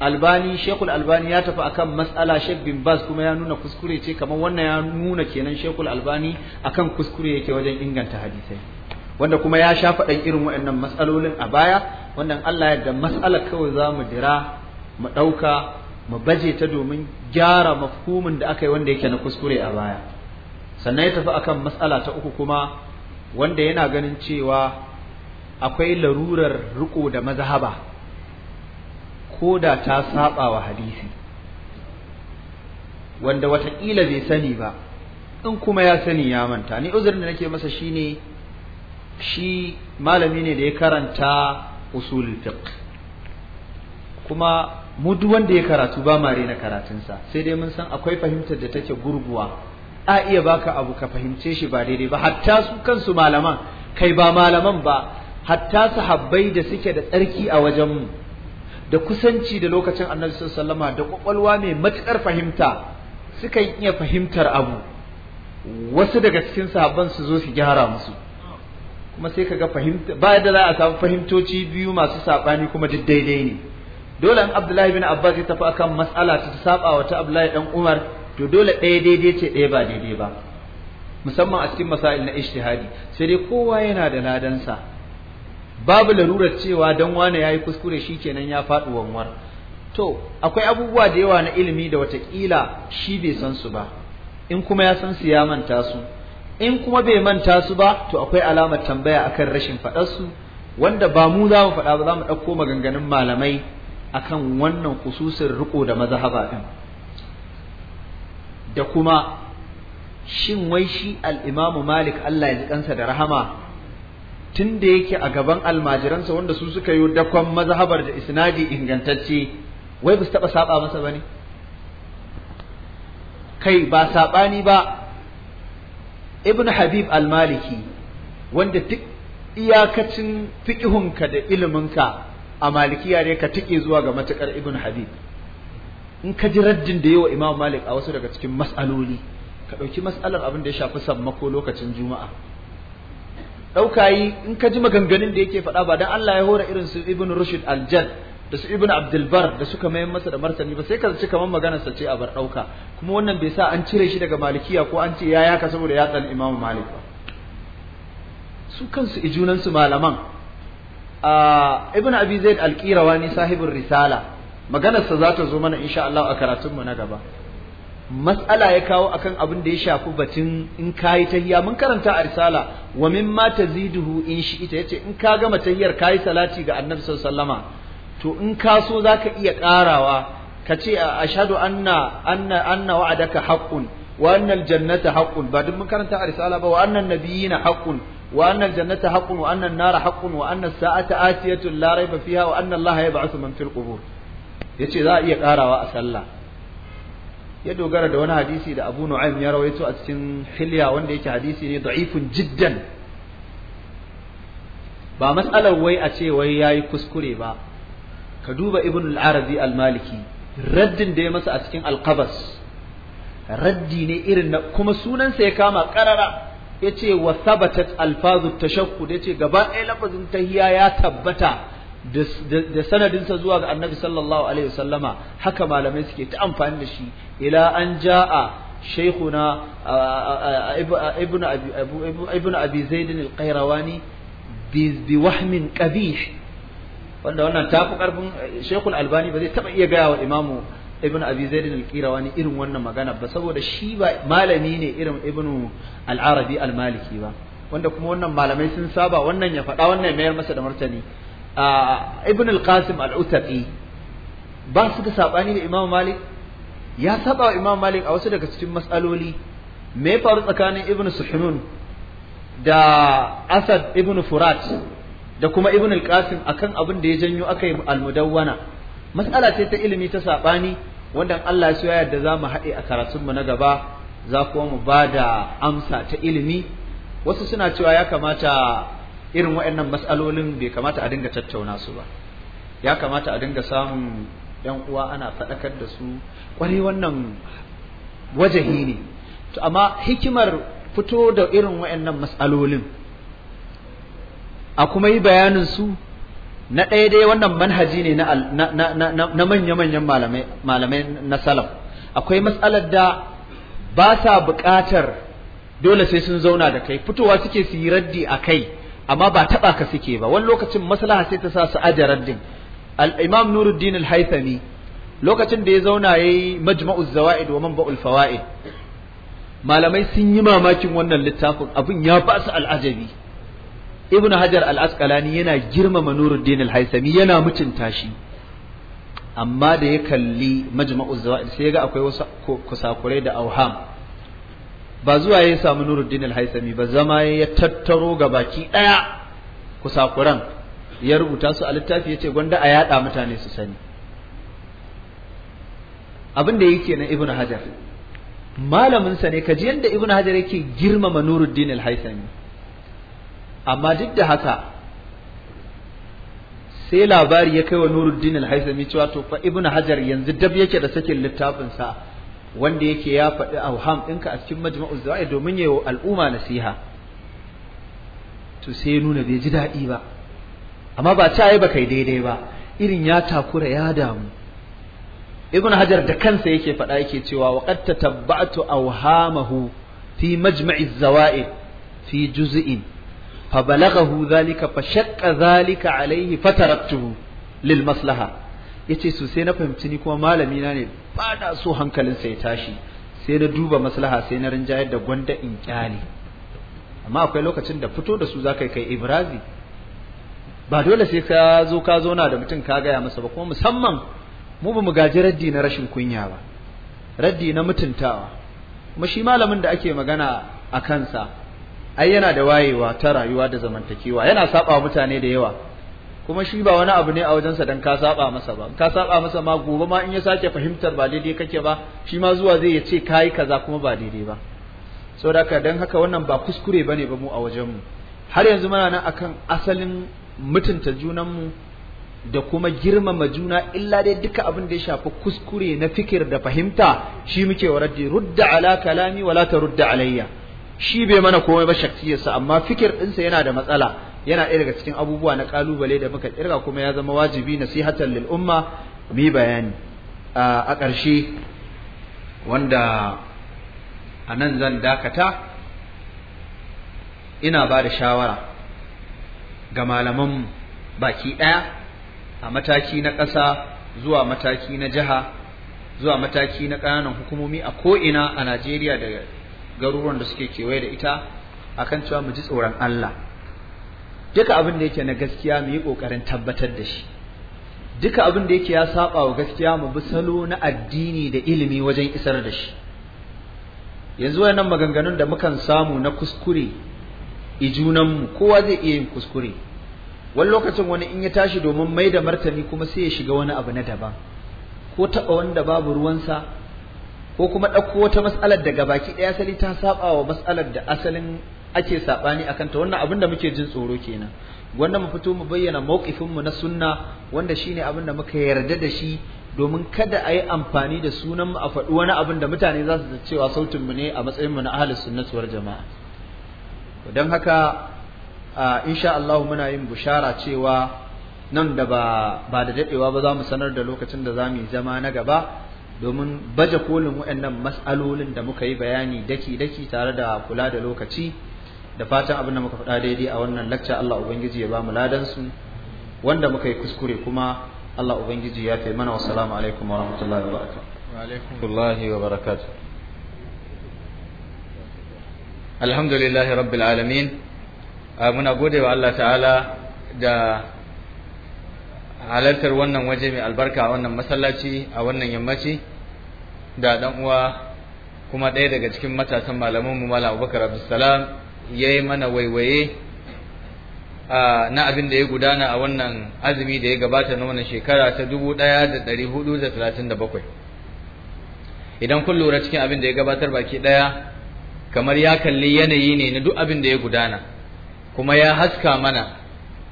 Albani Sheikh Al-Albani ya tafi akan matsala Sheikh bin Baz kuma ya nuna kuskure ce kamar wannan ya nuna kenan Sheikh Al-Albani akan kuskure yake wajen inganta hadisai wanda kuma ya sha ɗan irin waɗannan matsalolin a baya wannan Allah yadda matsala kawai za mu jira mu ɗauka mu baje ta domin gyara mafhumin da aka yi wanda yake na kuskure a baya sannan ya tafi akan matsala ta uku kuma wanda yana ganin cewa akwai larurar riko da mazahaba ko da ta saba wa hadisi wanda wataƙila bai sani ba in kuma ya sani ya manta ni uzurin da nake masa shine shi malami ne da ya karanta usul fiqh kuma mu duk wanda ya karatu ba ma karatun karatunsa sai dai mun san akwai fahimtar da take gurguwa a iya baka abu ka fahimce shi ba daidai ba hatta su kansu malaman kai ba malaman ba hatta sahabbai da suke da tsarki a wajen mu da kusanci da lokacin annabi sallama da kwakwalwa mai matukar fahimta sukan iya fahimtar abu wasu daga cikin sahabban su zo su gyara musu kuma sai ga fahimta ba yadda za a samu fahimtoci biyu masu saɓani kuma duk daidai ne dole an Abdullahi bin Abbas ya tafi akan mas'ala ta saba wa ta Abdullahi dan Umar to dole ɗaya daidai ce ɗaya ba daidai ba musamman a cikin masail na ishtihadi sai dai kowa yana da ladansa babu larurar cewa dan wane yayi kuskure shikenan ya faɗi wanwar to akwai abubuwa da yawa na ilimi da watakila shi bai san su ba in kuma ya san su ya manta su in kuma bai manta su ba to akwai alamar tambaya akan rashin su wanda ba mu za mu faɗa ba za mu ɗauko maganganun malamai akan wannan kususin riko da mazhaba ɗin da kuma shin wai shi al'imamu malik Allah ya ji kansa da rahama tunda da yake a gaban almajiransa wanda su suka yi dakon mazhabar da isnadi ingantacce wai ba su taɓa saba masa ba ne kai ba saɓani ba ibn habib al-maliki wanda duk iyakacin fiƙihunka da iliminka a malikiya ne ka tike zuwa ga matakar ibn habib in ka ji raddin da yawa imam malik a wasu daga cikin mas'aloli ka ɗauki mas'alar abin da ya shafi sammako lokacin juma'a ɗauka yi in ka ji maganganun da yake faɗa ba dan Allah ya hora irin su ibn rushd al da su ibn abdulbar da suka mayar masa da martani ba sai ka zaci kamar maganar sa ce a bar dauka kuma wannan bai sa an cire shi daga malikiya ko an ce ya yaka saboda ya tsan imamu malik ba su kansu ijunan su malaman a ibn abi zaid al-qirawani sahibul risala maganar sa za ta zo mana insha Allah a karatun mu na gaba mas'ala ya kawo akan abin da ya shafi batun in kayi tahiyya mun karanta a risala wa mimma taziduhu in shi ita yace in ka gama tahiyyar kayi salati ga annabi sallallahu alaihi wasallama to in ka so zaka iya ƙarawa ka ce a anna anna anna wa'adaka haqqun wa anna aljannata haƙƙun. ba duk mun karanta a risala ba wa anna annabiyina haƙƙun. wa anna aljannata haƙƙun wa anna nara haƙƙun. wa anna saata atiyatun la raiba fiha wa anna allaha yab'athu man fil qubur yace za a iya ƙarawa a sallah ya dogara da wani hadisi da Abu Nu'aym ya rawaito a cikin Hilya wanda yake hadisi ne da'ifun jiddan ba matsalar wai a ce wai yayi kuskure ba ka duba ibn al-arabi al-maliki raddin da ya masa a cikin al-qabas raddi ne irin na kuma sunansa ya kama karara yace wa thabatat alfazu tashakkud yace gaba ɗaya lafazin tahiyya ya tabbata da sanadinsa zuwa ga annabi sallallahu alaihi wasallama haka malamai suke ta amfani da shi ila an ja'a shaykhuna ibn abi zaid al-qayrawani bi wahmin qabih wanda wannan tafi karfin eh, shekul Albani ba zai taba iya gaya wa imamu Ibn Abi Zaid al wani irin wannan magana ba saboda shi ba malami ne irin Ibn al-Arabi al-Maliki ba wanda kuma wannan malamai sun saba wannan ya faɗa wannan ya mayar masa da martani Ibn al-Qasim al-Utaqi ba su da sabani da imamu Malik ya saba wa Imam Malik a wasu daga cikin matsaloli me ya faru tsakanin Ibn Suhunun da Asad Ibn Furat da kuma ibn al-qasim akan abin da ya janyo aka yi al-mudawwana mas'ala ce ta ilimi ta sabani wanda Allah ya so ya yarda zamu haɗe a karatun mu na gaba za kuma mu bada amsa ta ilimi wasu suna cewa ya kamata irin waɗannan mas'alolin bai kamata a dinga tattauna su ba ya kamata a dinga samun yan uwa ana faɗakar da su kwarai wannan wajahi ne to amma hikimar fito da irin waɗannan mas'alolin a kuma yi bayanin su na ɗaya dai wannan manhaji ne na manya-manyan malamai na salaf akwai matsalar da ba sa buƙatar dole sai sun zauna da kai fitowa suke su yi raddi a kai amma ba taɓa ka suke ba wani lokacin maslaha sai ta sa su aje raddin al-imam nuruddin al-haythami lokacin da ya zauna yayi majma'uz zawaid wa manba'ul fawaid malamai sun yi mamakin wannan littafin abin ya ba su al'ajabi ibn hajar al-asqalani yana girmama nuruddin al-haisami yana mutunta shi amma da ya kalli majma'u zawaid sai ga akwai wasu kusakurai da auham ba zuwa ya samu nuruddin al-haisami ba zama ya tattaro ga baki daya kusakuran ya rubuta su a littafi yace gwanda a yada mutane su sani abin da yake na ibn hajar malamin sa ne kaji yanda ibn hajar yake girmama nuruddin al-haisami amma duk da haka sai labari ya kai wa Nuruddin al-Haythami cewa to fa Ibn Hajar yanzu dab yake da sakin littafin sa wanda yake ya faɗi auham ɗinka a cikin majma'u zawa'i domin yayi al'umma nasiha to sai nuna bai ji daɗi ba amma ba ta yi ba kai daidai ba irin ya takura ya damu ibn hajar da kansa yake faɗa yake cewa wa qad tatabba'tu awhamahu fi majma'i zawa'i fi juz'in fa balaghahu zalika fa shaqqa zalika alaihi fataraktuhu lil maslaha yace so sai na fahimci ni kuma malami na ne ba na so hankalinsa ya tashi sai na duba maslaha sai na rinjayar da gwanda in kyale amma akwai lokacin da fito da su za ka kai ibrazi ba dole sai ka zo ka zauna da mutum ka gaya masa ba kuma musamman mu ba mu gaji raddi na rashin kunya ba raddi na mutuntawa kuma shi malamin da ake magana a kansa ai yana da wayewa ta rayuwa da zamantakewa yana saba mutane da yawa kuma shi ba wani abu ne a wajensa dan ka saba masa ba ka saba masa ma gobe ma in ya sake fahimtar ba daidai kake ba shi ma zuwa zai ya ce kai kaza kuma ba daidai ba saboda haka dan haka wannan ba kuskure bane ba mu a wajen mu har yanzu muna nan akan asalin mutunta junan mu da kuma girmama juna illa dai duka abin da ya shafi kuskure na fikir da fahimta shi muke wa rudda ala kalami wala ta rudda alayya shi bai mana komai ba shaktiyarsa amma fikir ɗinsa yana da matsala yana ɗaya daga cikin abubuwa na ƙalubale da muka ƙirga kuma ya zama wajibi na lil umma mu yi bayani a ƙarshe wanda a nan zan dakata ina ba da shawara ga malaman baki ɗaya a mataki na ƙasa zuwa mataki na jiha zuwa mataki na ƙananan hukumomi a ko'ina a Najeriya daga garuruwan da suke kewaye da ita akan cewa mu ji tsoron Allah duka abin da yake na gaskiya mu yi kokarin tabbatar da shi duka abin da yake ya saba wa gaskiya mu bi salo na addini da ilimi wajen isar da shi yanzu wannan maganganun da mukan samu na kuskure i mu kowa zai iya yin kuskure wani lokacin wani in ya tashi domin mai da martani kuma sai ya shiga wani abu na daban ko taba wanda babu ruwansa ko kuma ɗauko wata matsalar daga baki ɗaya asali ta saba wa matsalar da asalin ake saɓani a kanta wannan abin da muke jin tsoro kenan wannan mu fito mu bayyana mawƙifinmu na sunna wanda shine abin da muka yarda da shi domin kada a yi amfani da sunan mu a faɗi wani abin da mutane za su cewa sautin mu ne a matsayin mu na ahlus sunnati wal jama'a don haka insha Allah muna yin bushara cewa nan da ba ba da dadewa ba za mu sanar da lokacin da za mu yi zama na gaba domin baje kolin waɗannan mas'alolin da muka yi bayani daki-daki tare da kula da lokaci da fatan abin da muka faɗa daidai a wannan lakca Allah Ubangiji ya ba mu ladansu wanda muka yi kuskure kuma Allah Ubangiji ya fi mana wasalamu alaikum wa rahmatullahi wa wa Alhamdulillahi rabbil alamin muna gode wa Allah ta'ala da halartar wannan waje mai albarka a wannan masallaci a wannan yammaci da dan uwa kuma ɗaya daga cikin matasan malaman mu malam Abubakar Abdulsalam yayi mana waiwaye na abin da ya gudana a wannan azumi da ya gabata na wannan shekara ta 1437 idan kun lura cikin abin da ya gabatar baki daya kamar ya kalli yanayi ne na duk abin da ya gudana kuma ya haska mana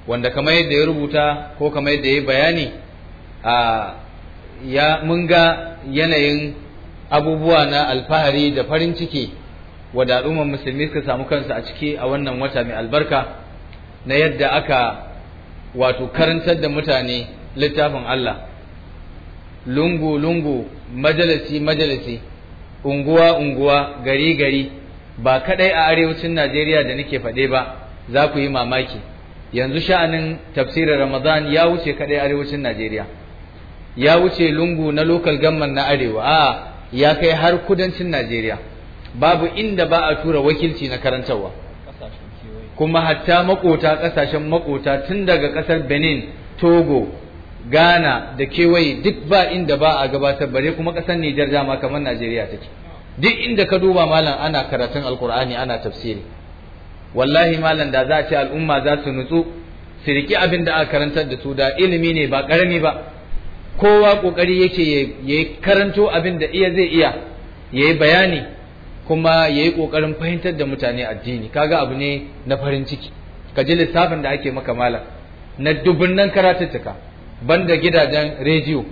wanda kamar yadda ya rubuta ko kamar yadda ya bayani a ya mun ga yanayin abubuwa na alfahari da farin ciki wadda al'umman musulmi suka samu kansu a ciki a wannan wata mai albarka na yadda aka wato karantar da mutane littafin Allah lungu lungu majalisi majalisi unguwa unguwa gari gari ba kadai a arewacin Najeriya da nake faɗe ba za ku yi mamaki yanzu sha'anin tafsirin Ramadan ya wuce kadai arewacin Najeriya ya wuce lungu na local government na arewa a ya kai har kudancin Najeriya babu inda ba a tura wakilci na karantarwa kuma hatta makota kasashen makota tun daga kasar Benin Togo Ghana da kewaye duk ba inda ba a gabatar bare kuma kasar Nijar dama kamar Najeriya take duk inda ka duba malam ana karatun alkur'ani ana tafsiri wallahi malam da za a ce al'umma za su nutsu su riki abin da aka karantar da su da ilimi ne ba karami ba kowa ƙoƙari yake ya yi karanto abin da iya zai iya ya yi bayani kuma ya yi ƙoƙarin fahimtar da mutane addini kaga abu ne na farin ciki ka ji lissafin da ake maka malam na dubunnan karatuttuka banda gidajen rediyo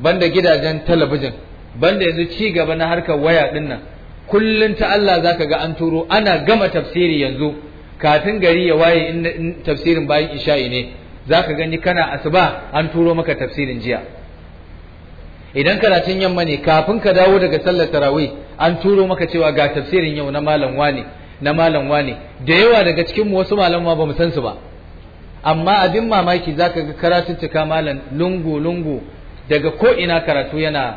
banda gidajen talabijin banda yanzu ci gaba na harkar waya din nan kullun ta Allah zaka ga an turo ana gama tafsiri yanzu kafin gari ya waye in tafsirin bayan isha'i ne zaka gani kana asuba an turo maka tafsirin jiya idan karatun yamma ne kafin ka dawo daga sallar tarawih an turo maka cewa ga tafsirin yau na malam wane na malam wane da yawa daga cikin wasu malama ba mu san su ba amma abin mamaki zaka ga karatun cika malam lungu lungu daga ko ina karatu yana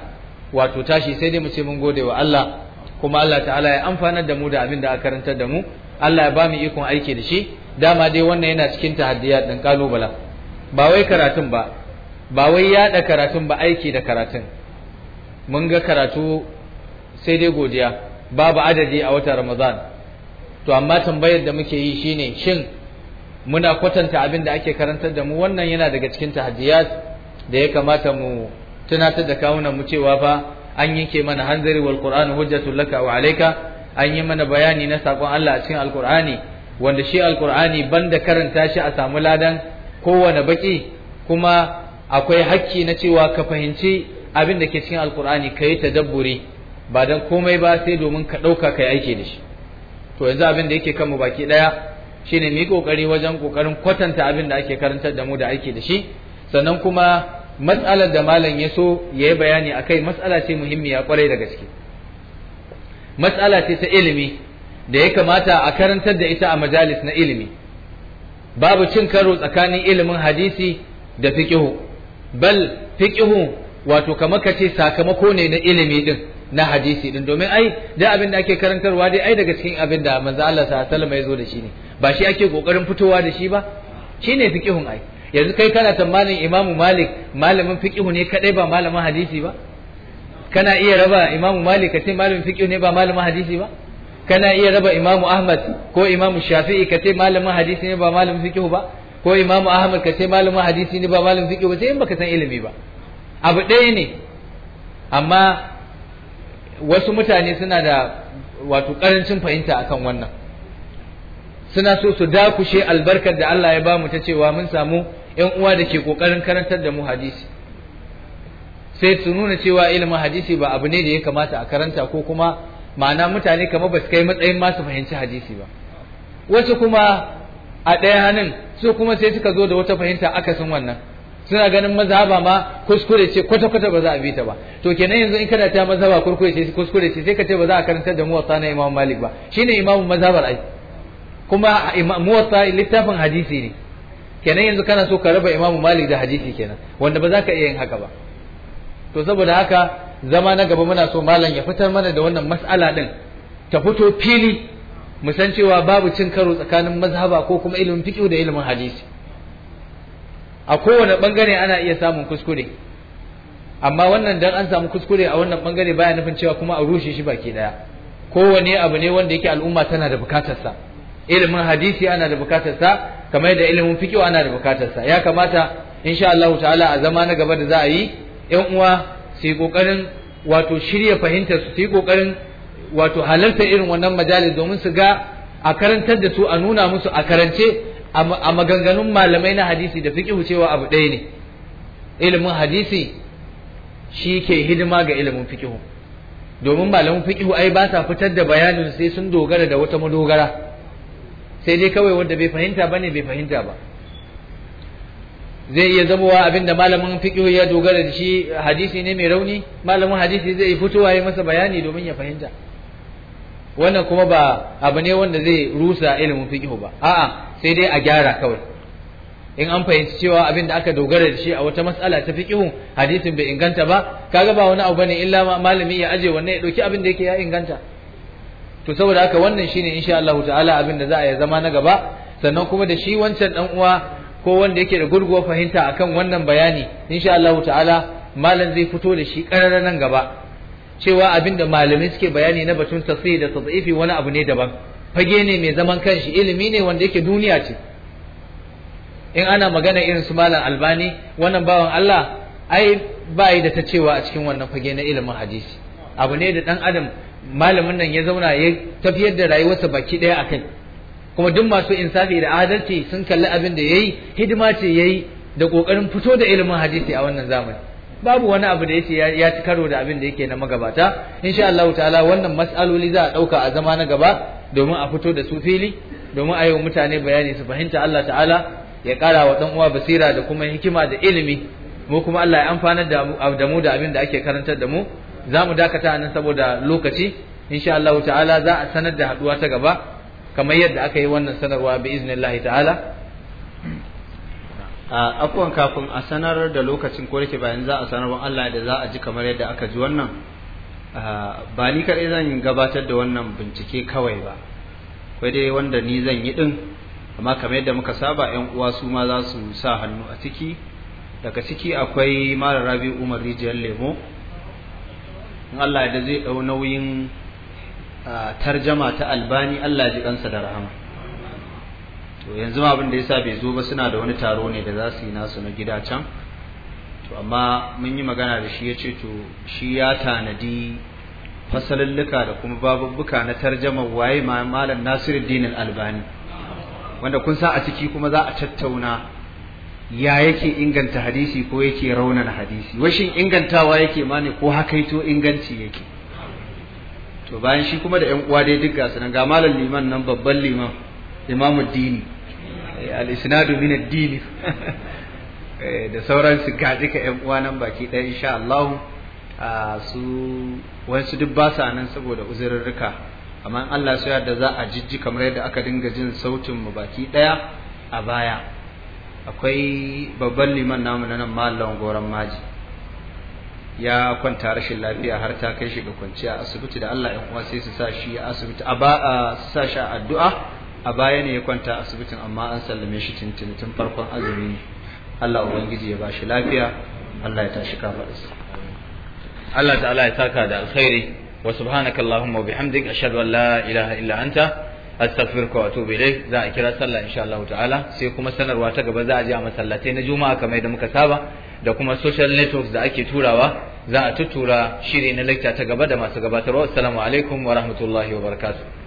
wato tashi sai dai mu ce mun gode wa Allah kuma Allah ta'ala ya amfana da mu da abin da aka karantar da mu Allah ya ba mu ikon aiki da shi dama dai wannan yana cikin tahaddiya din kalubala ba wai karatun ba ba wai yaɗa karatun ba aiki da karatun mun ga karatu sai dai godiya babu adadi a watan ramadan to amma tambayar da muke yi shine shin muna kwatanta abin da ake karantar da mu wannan yana daga cikin tahajiyat da ya kamata mu tunatar da kawunan mu cewa fa an yanke mana hanzari wal qur'an hujjatul laka wa alayka an yi mana bayani na sakon Allah a cikin alqur'ani wanda shi alqur'ani banda karanta shi a samu ladan kowane baki kuma akwai hakki na cewa ka fahimci abin da ke cikin alkur'ani ka yi tadabburi ba don komai ba sai domin ka ɗauka ka yi aiki da shi to yanzu abin da yake kanmu baki ɗaya shine mu yi ƙoƙari wajen ƙoƙarin kwatanta abin da ake karantar da mu da aiki da shi sannan kuma matsalar da malam ya so ya yi bayani a kai matsala ce muhimmiya kwarai da gaske matsala ce ta ilimi da ya kamata a karantar da ita a majalis na ilimi babu cin karo tsakanin ilimin hadisi da fiƙihu bal fiqihu wato kamar kace sakamako ne na ilimi din na hadisi din domin ai da abin da ake karantarwa dai ai daga cikin abin da manzo Allah sallallahu alaihi wasallam ya zo da shi ne ba shi ake kokarin fitowa da shi ba shine fiqihun ai yanzu kai kana tsammanin Imam Malik malamin fiqihu ne kadai ba malamin hadisi ba kana iya raba Imam Malik kace malamin fiqihu ne ba malamin hadisi ba kana iya raba Imam Ahmad ko Imam Shafi'i kace malamin hadisi ne ba malamin fiqhu ba ko Imam Ahmad ka ce malamin hadisi ne ba malamin fiqh ba sai in baka san ilimi ba abu ɗaya ne amma wasu mutane suna da wato ƙarancin fahimta akan wannan suna so su dakushe albarkar da Allah ya bamu ta cewa mun samu ƴan uwa da ke ƙoƙarin karantar da mu hadisi sai su nuna cewa ilimin hadisi ba abu ne da ya kamata a karanta ko kuma ma'ana mutane kamar ba su kai matsayin masu fahimci hadisi ba wasu kuma a ɗaya hannun su kuma sai suka zo da wata fahimta akasin wannan suna ganin mazhaba ma kuskure ce kwata kwata ba za a bi ta ba to kenan yanzu in kana ta mazhaba kurkure ce kuskure ce sai ka ce ba za a karanta da muwatta na Imam Malik ba shine imamun mazhabar ai kuma muwatta littafin hadisi ne kenan yanzu kana so ka raba Imam Malik da hadisi kenan wanda ba za ka iya yin haka ba to saboda haka zama na gaba muna so malam ya fitar mana da wannan mas'ala din ta fito fili mu san cewa babu cin karo tsakanin mazhaba ko kuma ilimin fiqh da ilimin hadisi a kowane bangare ana iya samun kuskure amma wannan dan an samu kuskure a wannan bangare baya nufin cewa kuma a rushe shi baki daya kowane abu ne wanda yake al'umma tana da bukatarsa ilimin hadisi ana da bukatarsa kamar da ilimin fiqh ana da bukatarsa ya kamata insha Allah ta'ala a zama na gaba da za a yi yan uwa su yi kokarin wato shirya fahimtar su su yi kokarin wato halarta irin wannan majalis domin su ga a karantar da su a nuna musu a karance a maganganun malamai na hadisi da fiƙihu cewa abu ɗaya ne ilimin hadisi shi ke hidima ga ilimin fiƙihu, domin malamin fiƙihu ai ba sa fitar da bayanin sai sun dogara da wata madogara sai dai kawai wanda bai fahimta ba ne bai fahimta ba zai iya zamowa abinda malamin fiƙihu ya dogara da shi hadisi ne mai rauni malamin hadisi zai fitowa ya masa bayani domin ya fahimta wannan kuma ba abu ne wanda zai rusa ilimin fiqh ba a'a sai dai a gyara kawai in an fahimci cewa abin da aka dogara da shi a wata mas'ala ta fiqh hadisin bai inganta ba kaga ba wani abu bane illa malami ya aje wannan ya dauki abin da yake ya inganta to saboda haka wannan shine insha Allah ta'ala abin da za a yi zama na gaba sannan kuma da shi wancan dan uwa ko wanda yake da gurguwa fahimta akan wannan bayani insha Allah ta'ala malam zai fito da shi karara nan gaba cewa abinda malamai suke bayani na batun tasiri da tad'ifi wani abu ne daban fage ne mai zaman kanshi ilimi ne wanda yake duniya ce in ana magana irin su malam albani wannan bawan Allah ai ba yi da ta cewa a cikin wannan fage na ilimin hadisi abu ne da dan adam malamin nan ya zauna ya tafiyar da rayuwarsa baki daya akai kuma duk masu insafi da adalci sun kalli abin da yayi hidima ce yayi da kokarin fito da ilimin hadisi a wannan zamani babu wani abu da yake ya ci karo da abin da yake na magabata insha Allah ta'ala wannan mas'aloli za a dauka a zama na gaba domin a fito da su fili domin a yi wa mutane bayani su fahimta Allah ta'ala ya kara wa dan uwa basira da kuma hikima da ilimi mu kuma Allah ya amfanar da mu da abin da ake karantar da mu za mu dakata nan saboda lokaci insha Allah ta'ala za a sanar da haduwa ta gaba kamar yadda aka yi wannan sanarwa bi iznillahi ta'ala afwan kafin a sanar da lokacin ko yake bayan za a sanar Allah da za a ji kamar yadda aka ji wannan ba ni kaɗai zan gabatar da wannan bincike kawai ba kai dai wanda ni zan yi din amma kamar yadda muka saba yan uwa su ma za su sa hannu a ciki daga ciki akwai Malam Rabi Umar Rijiyar Lemo in Allah da zai dau nauyin tarjama ta Albani Allah ya ji kansa da rahama to yanzu abin da yasa bai zo ba suna da wani taro ne da za su yi nasu na gida can to amma mun yi magana da shi ya ce to shi ya tanadi fasalulluka da kuma babubbuka na tarjamar waye malam Nasiruddin Al-Albani wanda kun sa a ciki kuma za a tattauna ya yake inganta hadisi ko yake raunana hadisi washin ingantawa yake ma ne ko hakaito inganci yake to bayan shi kuma da ƴan uwa dai duk gasu nan ga malam liman nan babban liman imam dini eh, al-isnadu min addini eh, da sauran su ga duka uwa nan baki ɗaya insha Allah ah, su wasu duk ba sa nan saboda uzurrurruka amma Allah su yarda za a jijji kamar yadda aka dinga jin sautin mu baki ɗaya a baya akwai babban liman namu na nan mallan goran maji ya kwanta rashin lafiya har ta kai shi ga kwanciya asibiti da Allah ya uwa sai su sa shi asibiti a ba sa shi addu'a a baya ne ya kwanta asibitin amma an sallame shi tintini tun farkon azumi Allah ubangiji ya shi lafiya Allah ya tashi kafarsa Allah ta'ala ya saka da alkhairi wa subhanaka allahumma bihamdik ashhadu an la ilaha illa anta astaghfiruka wa atubu za a kira sallah insha Allah ta'ala sai kuma sanarwa ta gaba za a je a masallatai na juma'a kamar yadda muka saba da kuma social networks da ake turawa za a tuttura shiri na lecture ta gaba da masu gabatarwa assalamu alaikum wa rahmatullahi wa barakatuh